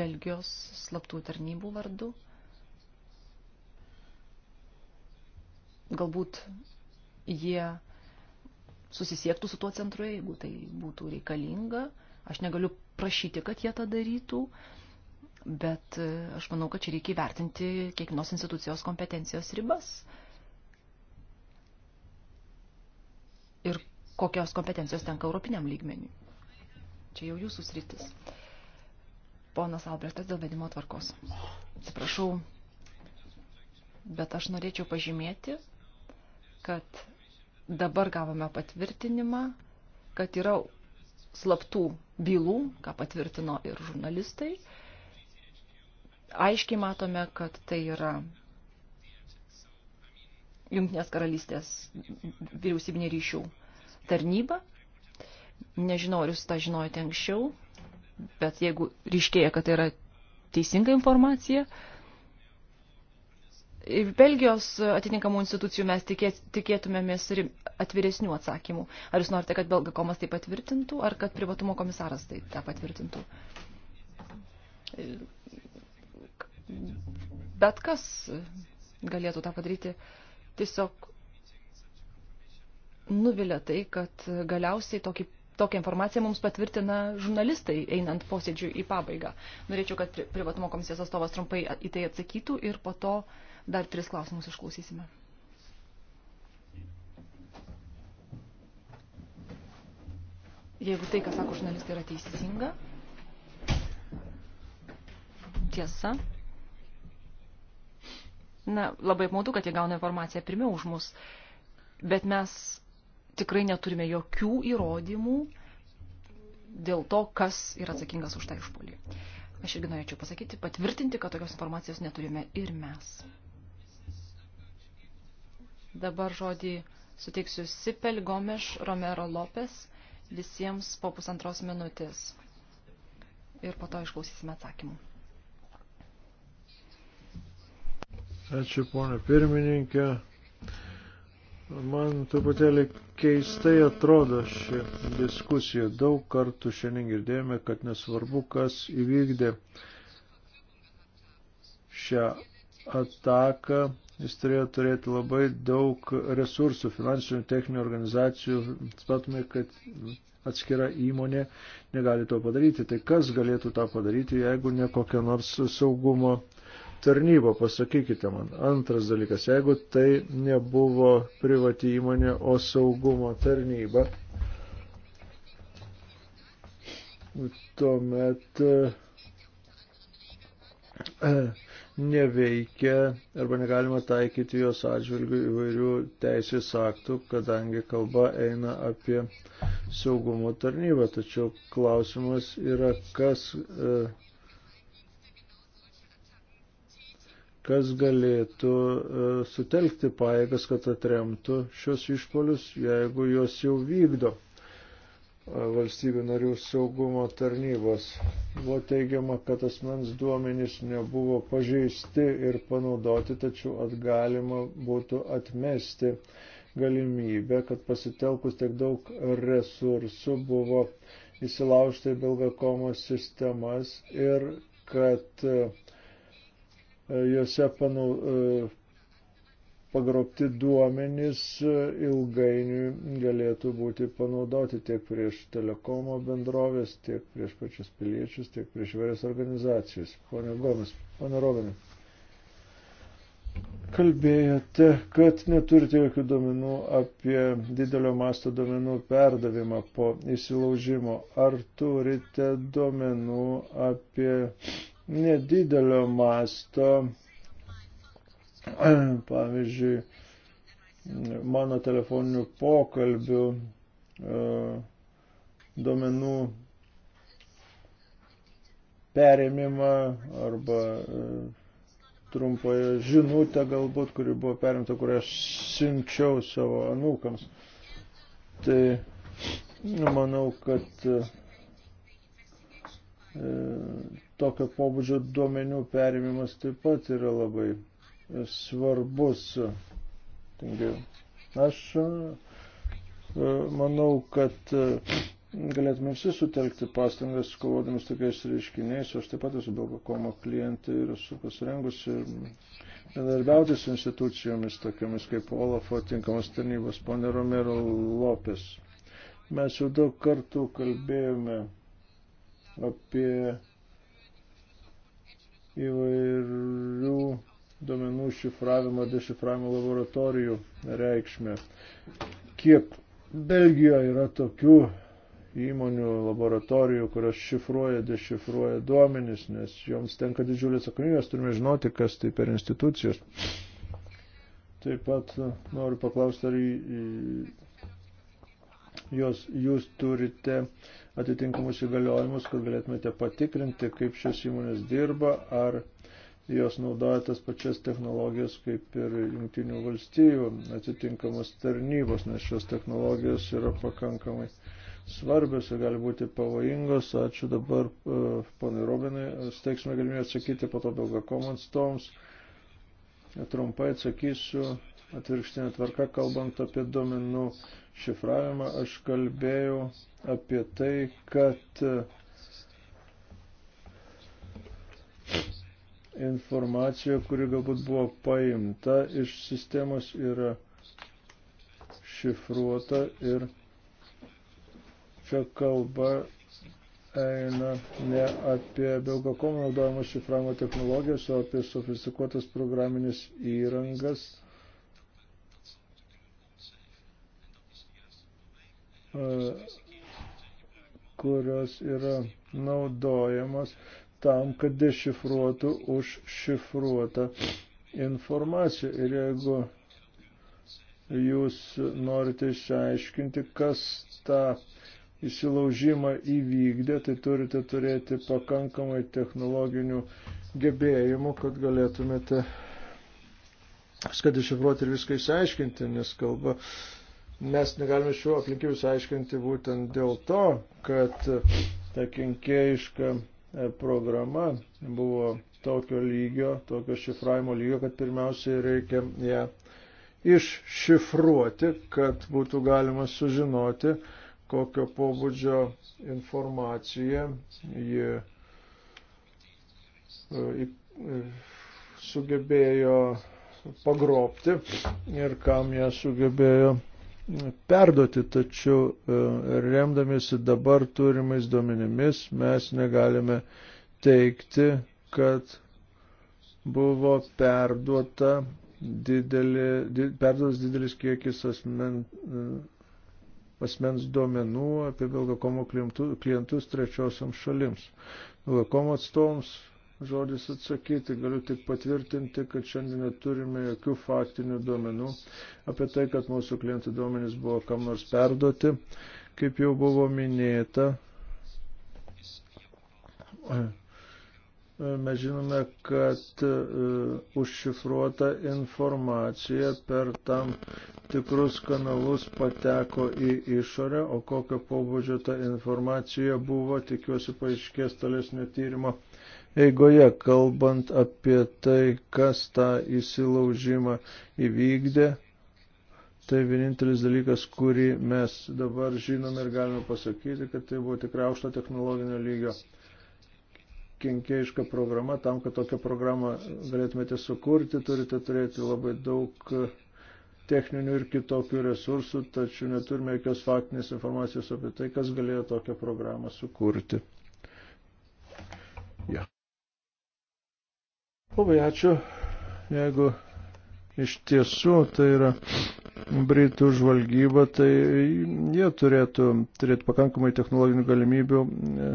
Belgijos slaptų tarnybų vardu. Galbūt jie susisiektų su tuo centru, jeigu tai būtų reikalinga. Aš negaliu prašyti, kad jie tą darytų. Uh, bet e, aš manau, kad čia reikia įvertinti kiekvienos institucijos kompetencijos ribas. Ir kokios kompetencijos tenka europiniam lygmeniu. Čia jau jūsų sritis. Ponas Albrechtas dėl vedimo tvarkos. Atsiprašau, bet aš norėčiau pažymėti, kad dabar gavome patvirtinimą, kad yra slaptų bylų, ką patvirtino ir žurnalistai, aiškiai matome, kad tai yra Junktinės karalystės vyriausybinė ryšių tarnyba. Nežinau, ar jūs tą žinojate anksčiau, bet jeigu ryškėja, kad tai yra teisinga informacija, Belgijos atitinkamų institucijų mes tikėtumėmės ir atviresnių atsakymų. Ar jūs norite, kad Belgakomas tai patvirtintų, ar kad privatumo komisaras tai tą patvirtintų? bet kas galėtų tą padaryti. Tiesiog nuvilia tai, kad galiausiai tokį, tokią informaciją mums patvirtina žurnalistai, einant posėdžiui į pabaigą. Norėčiau, kad privatumo komisijos atstovas trumpai į tai atsakytų ir po to dar tris klausimus išklausysime. Jeigu tai, ką sako žurnalistai, yra teisinga, tiesa, na, labai apmaudu, kad jie gauna informaciją pirmiau už mus, bet mes tikrai neturime jokių įrodymų dėl to, kas yra atsakingas už tą išpolį. Aš irgi norėčiau pasakyti, patvirtinti, kad tokios informacijos neturime ir mes. Dabar žodį suteiksiu Sipel Gomeš Romero Lopes visiems po pusantros minutės. Ir po to išklausysime atsakymų. Ačiū, ponė pirmininkė. Man truputėlį keistai atrodo ši diskusija. Daug kartų šiandien girdėjome, kad nesvarbu, kas įvykdė šią ataką, jis turėjo turėti labai daug resursų, finansinių, techninių organizacijų. Spatome, kad atskira įmonė negali to padaryti. Tai kas galėtų tą padaryti, jeigu ne kokia nors saugumo tarnybą, pasakykite man. Antras dalykas, jeigu tai nebuvo privati įmonė, o saugumo tarnyba, tuomet e, neveikia arba negalima taikyti jos atžvilgių įvairių teisės aktų, kadangi kalba eina apie saugumo tarnybą. Tačiau klausimas yra, kas. E, kas galėtų e, sutelkti paėgas, kad atremtų šios išpolius, jeigu jos jau vykdo e, valstybių narių saugumo tarnybos. Buvo teigiama, kad asmens duomenys nebuvo pažeisti ir panaudoti, tačiau atgalima būtų atmesti galimybę, kad pasitelkus tiek daug resursų buvo įsilaužta į Belgakomo sistemas ir kad uh, E, juose panau, e, pagrobti duomenys e, ilgainiui galėtų būti panaudoti tiek prieš telekomo bendrovės, tiek prieš pačius piliečius, tiek prieš įvairias organizacijas. Pone Gomis, pone Robinai. Kalbėjote, kad neturite jokių duomenų apie didelio masto duomenų perdavimą po įsilaužimo. Ar turite duomenų apie nedidelio masto. Pavyzdžiui, mano telefoninių pokalbių e, duomenų perėmimą arba e, trumpąją žinutę galbūt, kuri buvo perimta, kurią aš siunčiau savo anūkams. Tai manau, kad E, tokio pobūdžio duomenų perimimas taip pat yra labai e, svarbus. Taigi, aš e, manau, kad galėtume visi sutelkti pastangas, kovodami su tokiais reiškiniais. Aš taip pat esu Belgakomo klientai ir esu pasirengusi bendarbiauti su institucijomis tokiamis kaip Olafo tinkamos tarnybos, ponė Romero Lopes. Mes jau daug kartų kalbėjome apie įvairių duomenų šifravimo ar dešifravimo laboratorijų reikšmę. Kiek Belgijoje yra tokių įmonių laboratorijų, kurios šifruoja, dešifruoja duomenis, nes joms tenka didžiulė atsakomybės, turime žinoti, kas tai per institucijos. Taip pat noriu paklausti, ar Jūs, jūs turite atitinkamus įgaliojimus, kad galėtumėte patikrinti, kaip šios įmonės dirba, ar jos naudoja tas pačias technologijas kaip ir jungtinių valstybių atitinkamos tarnybos, nes šios technologijos yra pakankamai svarbios ir gali būti pavojingos. Ačiū dabar e, ponai Robinai, steiksime galimybę atsakyti po to daugia komanstoms. Trumpai atsakysiu atvirkštinė tvarka, kalbant apie duomenų šifravimą aš kalbėjau apie tai, kad informacija, kuri galbūt buvo paimta iš sistemos, yra šifruota ir čia kalba eina ne apie Belgakomo naudojimo šifravimo technologijas, o apie sofistikuotas programinės įrangas E, kurios yra naudojamos tam, kad dešifruotų užšifruotą informaciją. Ir jeigu jūs norite išsiaiškinti, kas tą įsilaužimą įvykdė, tai turite turėti pakankamai technologinių gebėjimų, kad galėtumėte viską dešifruoti ir viską išsiaiškinti, nes kalba mes negalime šių aplinkybių aiškinti būtent dėl to, kad ta kenkėjiška e, programa buvo tokio lygio, tokio šifravimo lygio, kad pirmiausiai reikia ją iššifruoti, kad būtų galima sužinoti, kokio pobūdžio informacija ji e, e, sugebėjo pagrobti ir kam ją sugebėjo perduoti, tačiau e, remdamėsi dabar turimais duomenimis mes negalime teikti, kad buvo perduota didelė, di, perduotas didelis kiekis asmen, e, asmens duomenų apie Vilgakomo klientus trečiosiams šalims. Vilgakomo atstovams žodis atsakyti. Galiu tik patvirtinti, kad šiandien neturime jokių faktinių duomenų apie tai, kad mūsų klientų duomenys buvo kam nors perduoti. Kaip jau buvo minėta, mes žinome, kad e, užšifruota informacija per tam tikrus kanalus pateko į išorę, o kokio pobūdžio ta informacija buvo, tikiuosi paaiškės tolesnio tyrimo eigoje, kalbant apie tai, kas tą įsilaužimą įvykdė. Tai vienintelis dalykas, kurį mes dabar žinome ir galime pasakyti, kad tai buvo tikrai aukšto technologinio lygio kenkėjiška programa. Tam, kad tokią programą galėtumėte sukurti, turite turėti labai daug techninių ir kitokių resursų, tačiau neturime jokios faktinės informacijos apie tai, kas galėjo tokią programą sukurti. Ja. Labai ačiū. Jeigu iš tiesų tai yra Britų žvalgyba, tai jie turėtų turėti pakankamai technologinių galimybių, e,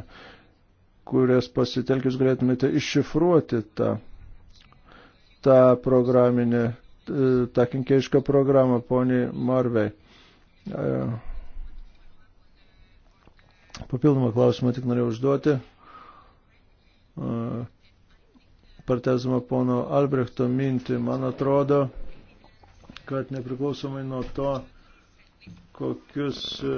kurias pasitelkius galėtumėte iššifruoti tą, tą programinę, e, tą kinkėjišką programą, poniai Marvei. E, papildomą klausimą tik norėjau užduoti partezama pono Albrechto mintį. Man atrodo, kad nepriklausomai nuo to, kokius e,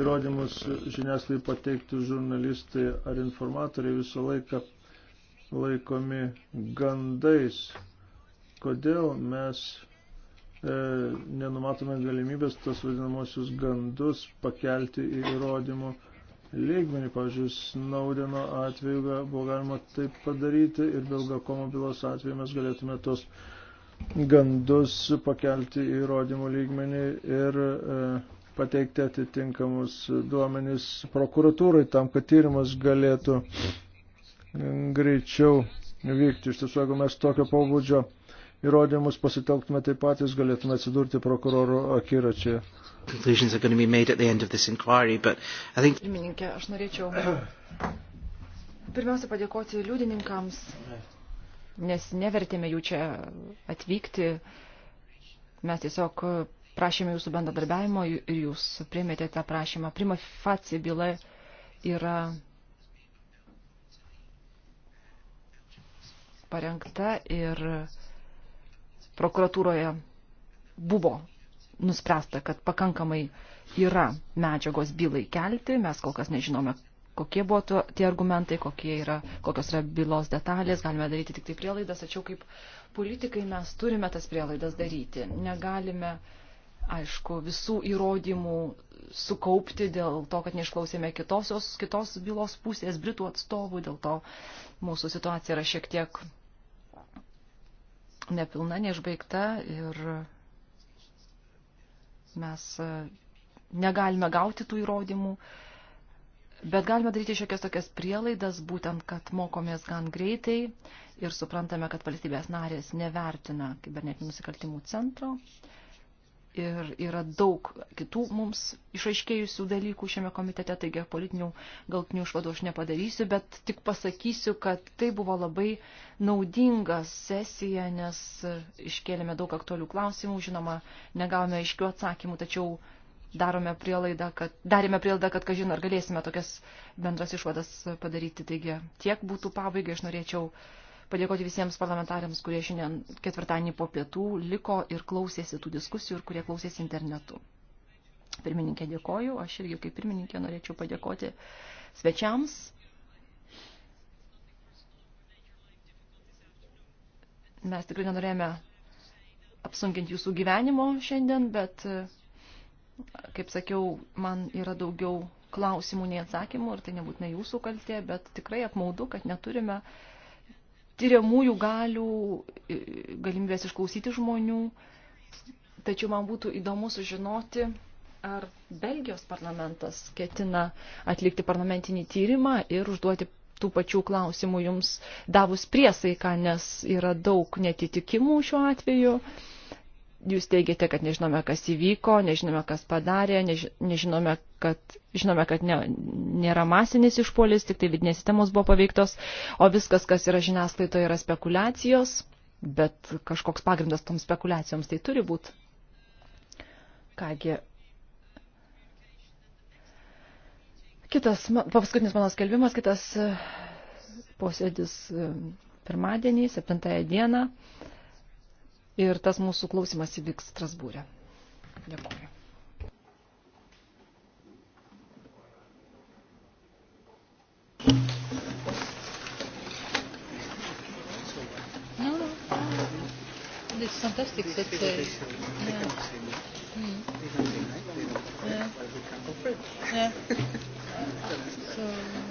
įrodymus žiniasklaidai pateiktų žurnalistai ar informatoriai visą laiką laikomi gandais. Kodėl mes e, nenumatome galimybės tas vadinamosius gandus pakelti į įrodymų lygmenį. Pavyzdžiui, Snaudeno atveju buvo galima taip padaryti ir Belgakomo bylos atveju mes galėtume tos gandus pakelti į įrodymų lygmenį ir e, pateikti atitinkamus duomenys prokuratūrai tam, kad tyrimas galėtų greičiau vykti. Iš tiesų, jeigu mes tokio pobūdžio įrodymus pasitelktume, taip pat jūs galėtume atsidurti prokuroro akiračiai. Think... Pirmininkė, aš norėčiau pirmiausia padėkoti liudininkams, nes nevertėme jų čia atvykti. Mes tiesiog prašėme jūsų bendradarbiavimo ir jūs priėmėte tą prašymą. Prima facie byla yra parengta ir prokuratūroje buvo nuspręsta, kad pakankamai yra medžiagos bylai kelti. Mes kol kas nežinome, kokie buvo to, tie argumentai, kokie yra, kokios yra bylos detalės. Galime daryti tik tai prielaidas, tačiau kaip politikai mes turime tas prielaidas daryti. Negalime, aišku, visų įrodymų sukaupti dėl to, kad neišklausėme kitosios, kitos bylos pusės, Britų atstovų, dėl to mūsų situacija yra šiek tiek nepilna, neišbaigta ir mes e, negalime gauti tų įrodymų, bet galime daryti šiokias tokias prielaidas, būtent, kad mokomės gan greitai ir suprantame, kad valstybės narės nevertina kibernetinių nusikaltimų centro. Uh, ir yra daug kitų mums išaiškėjusių dalykų šiame komitete, taigi politinių galtinių išvadų aš nepadarysiu, bet tik pasakysiu, kad tai buvo labai naudinga sesija, nes iškėlėme daug aktualių klausimų, žinoma, negavome aiškių atsakymų, tačiau darome prielaidą, kad, darėme prielaidą, kad, kažin, ar galėsime tokias bendras išvadas padaryti. Taigi tiek būtų pabaigai, aš norėčiau padėkoti visiems parlamentarėms, kurie šiandien ketvirtadienį po pietų liko ir klausėsi tų diskusijų ir kurie klausėsi internetu. Pirmininkė dėkoju, aš irgi kaip pirmininkė norėčiau padėkoti svečiams. Mes tikrai nenorėjome apsunkinti jūsų gyvenimo šiandien, bet, kaip sakiau, man yra daugiau klausimų nei atsakymų ir tai nebūtinai jūsų kaltė, bet tikrai apmaudu, kad neturime uh, tyriamųjų galių, galimybės išklausyti žmonių. Tačiau man būtų įdomu sužinoti, ar Belgijos parlamentas ketina atlikti parlamentinį tyrimą ir užduoti tų pačių klausimų jums davus priesaiką, nes yra daug netitikimų šiuo atveju. Uh, jūs teigiate, kad nežinome, kas įvyko, nežinome, kas padarė, než, nežinome, kad, žinome, kad ne, nėra masinis išpolis, tik tai vidinės sistemos buvo paveiktos, o viskas, kas yra žiniasklaidoje, yra spekulacijos, bet kažkoks pagrindas toms spekulacijoms tai turi būti. Kągi. Kitas, paskutinis mano skelbimas, kitas e, posėdis e, pirmadienį, 7 dieną ir tas mūsų klausimas įvyks Strasbūrė. Dėkuoju. No, no, no. It's fantastic that uh, yeah. Mm. Yeah. Yeah. So.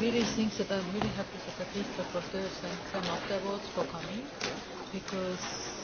really think that I'm really happy that at least the professors and some afterwards for coming because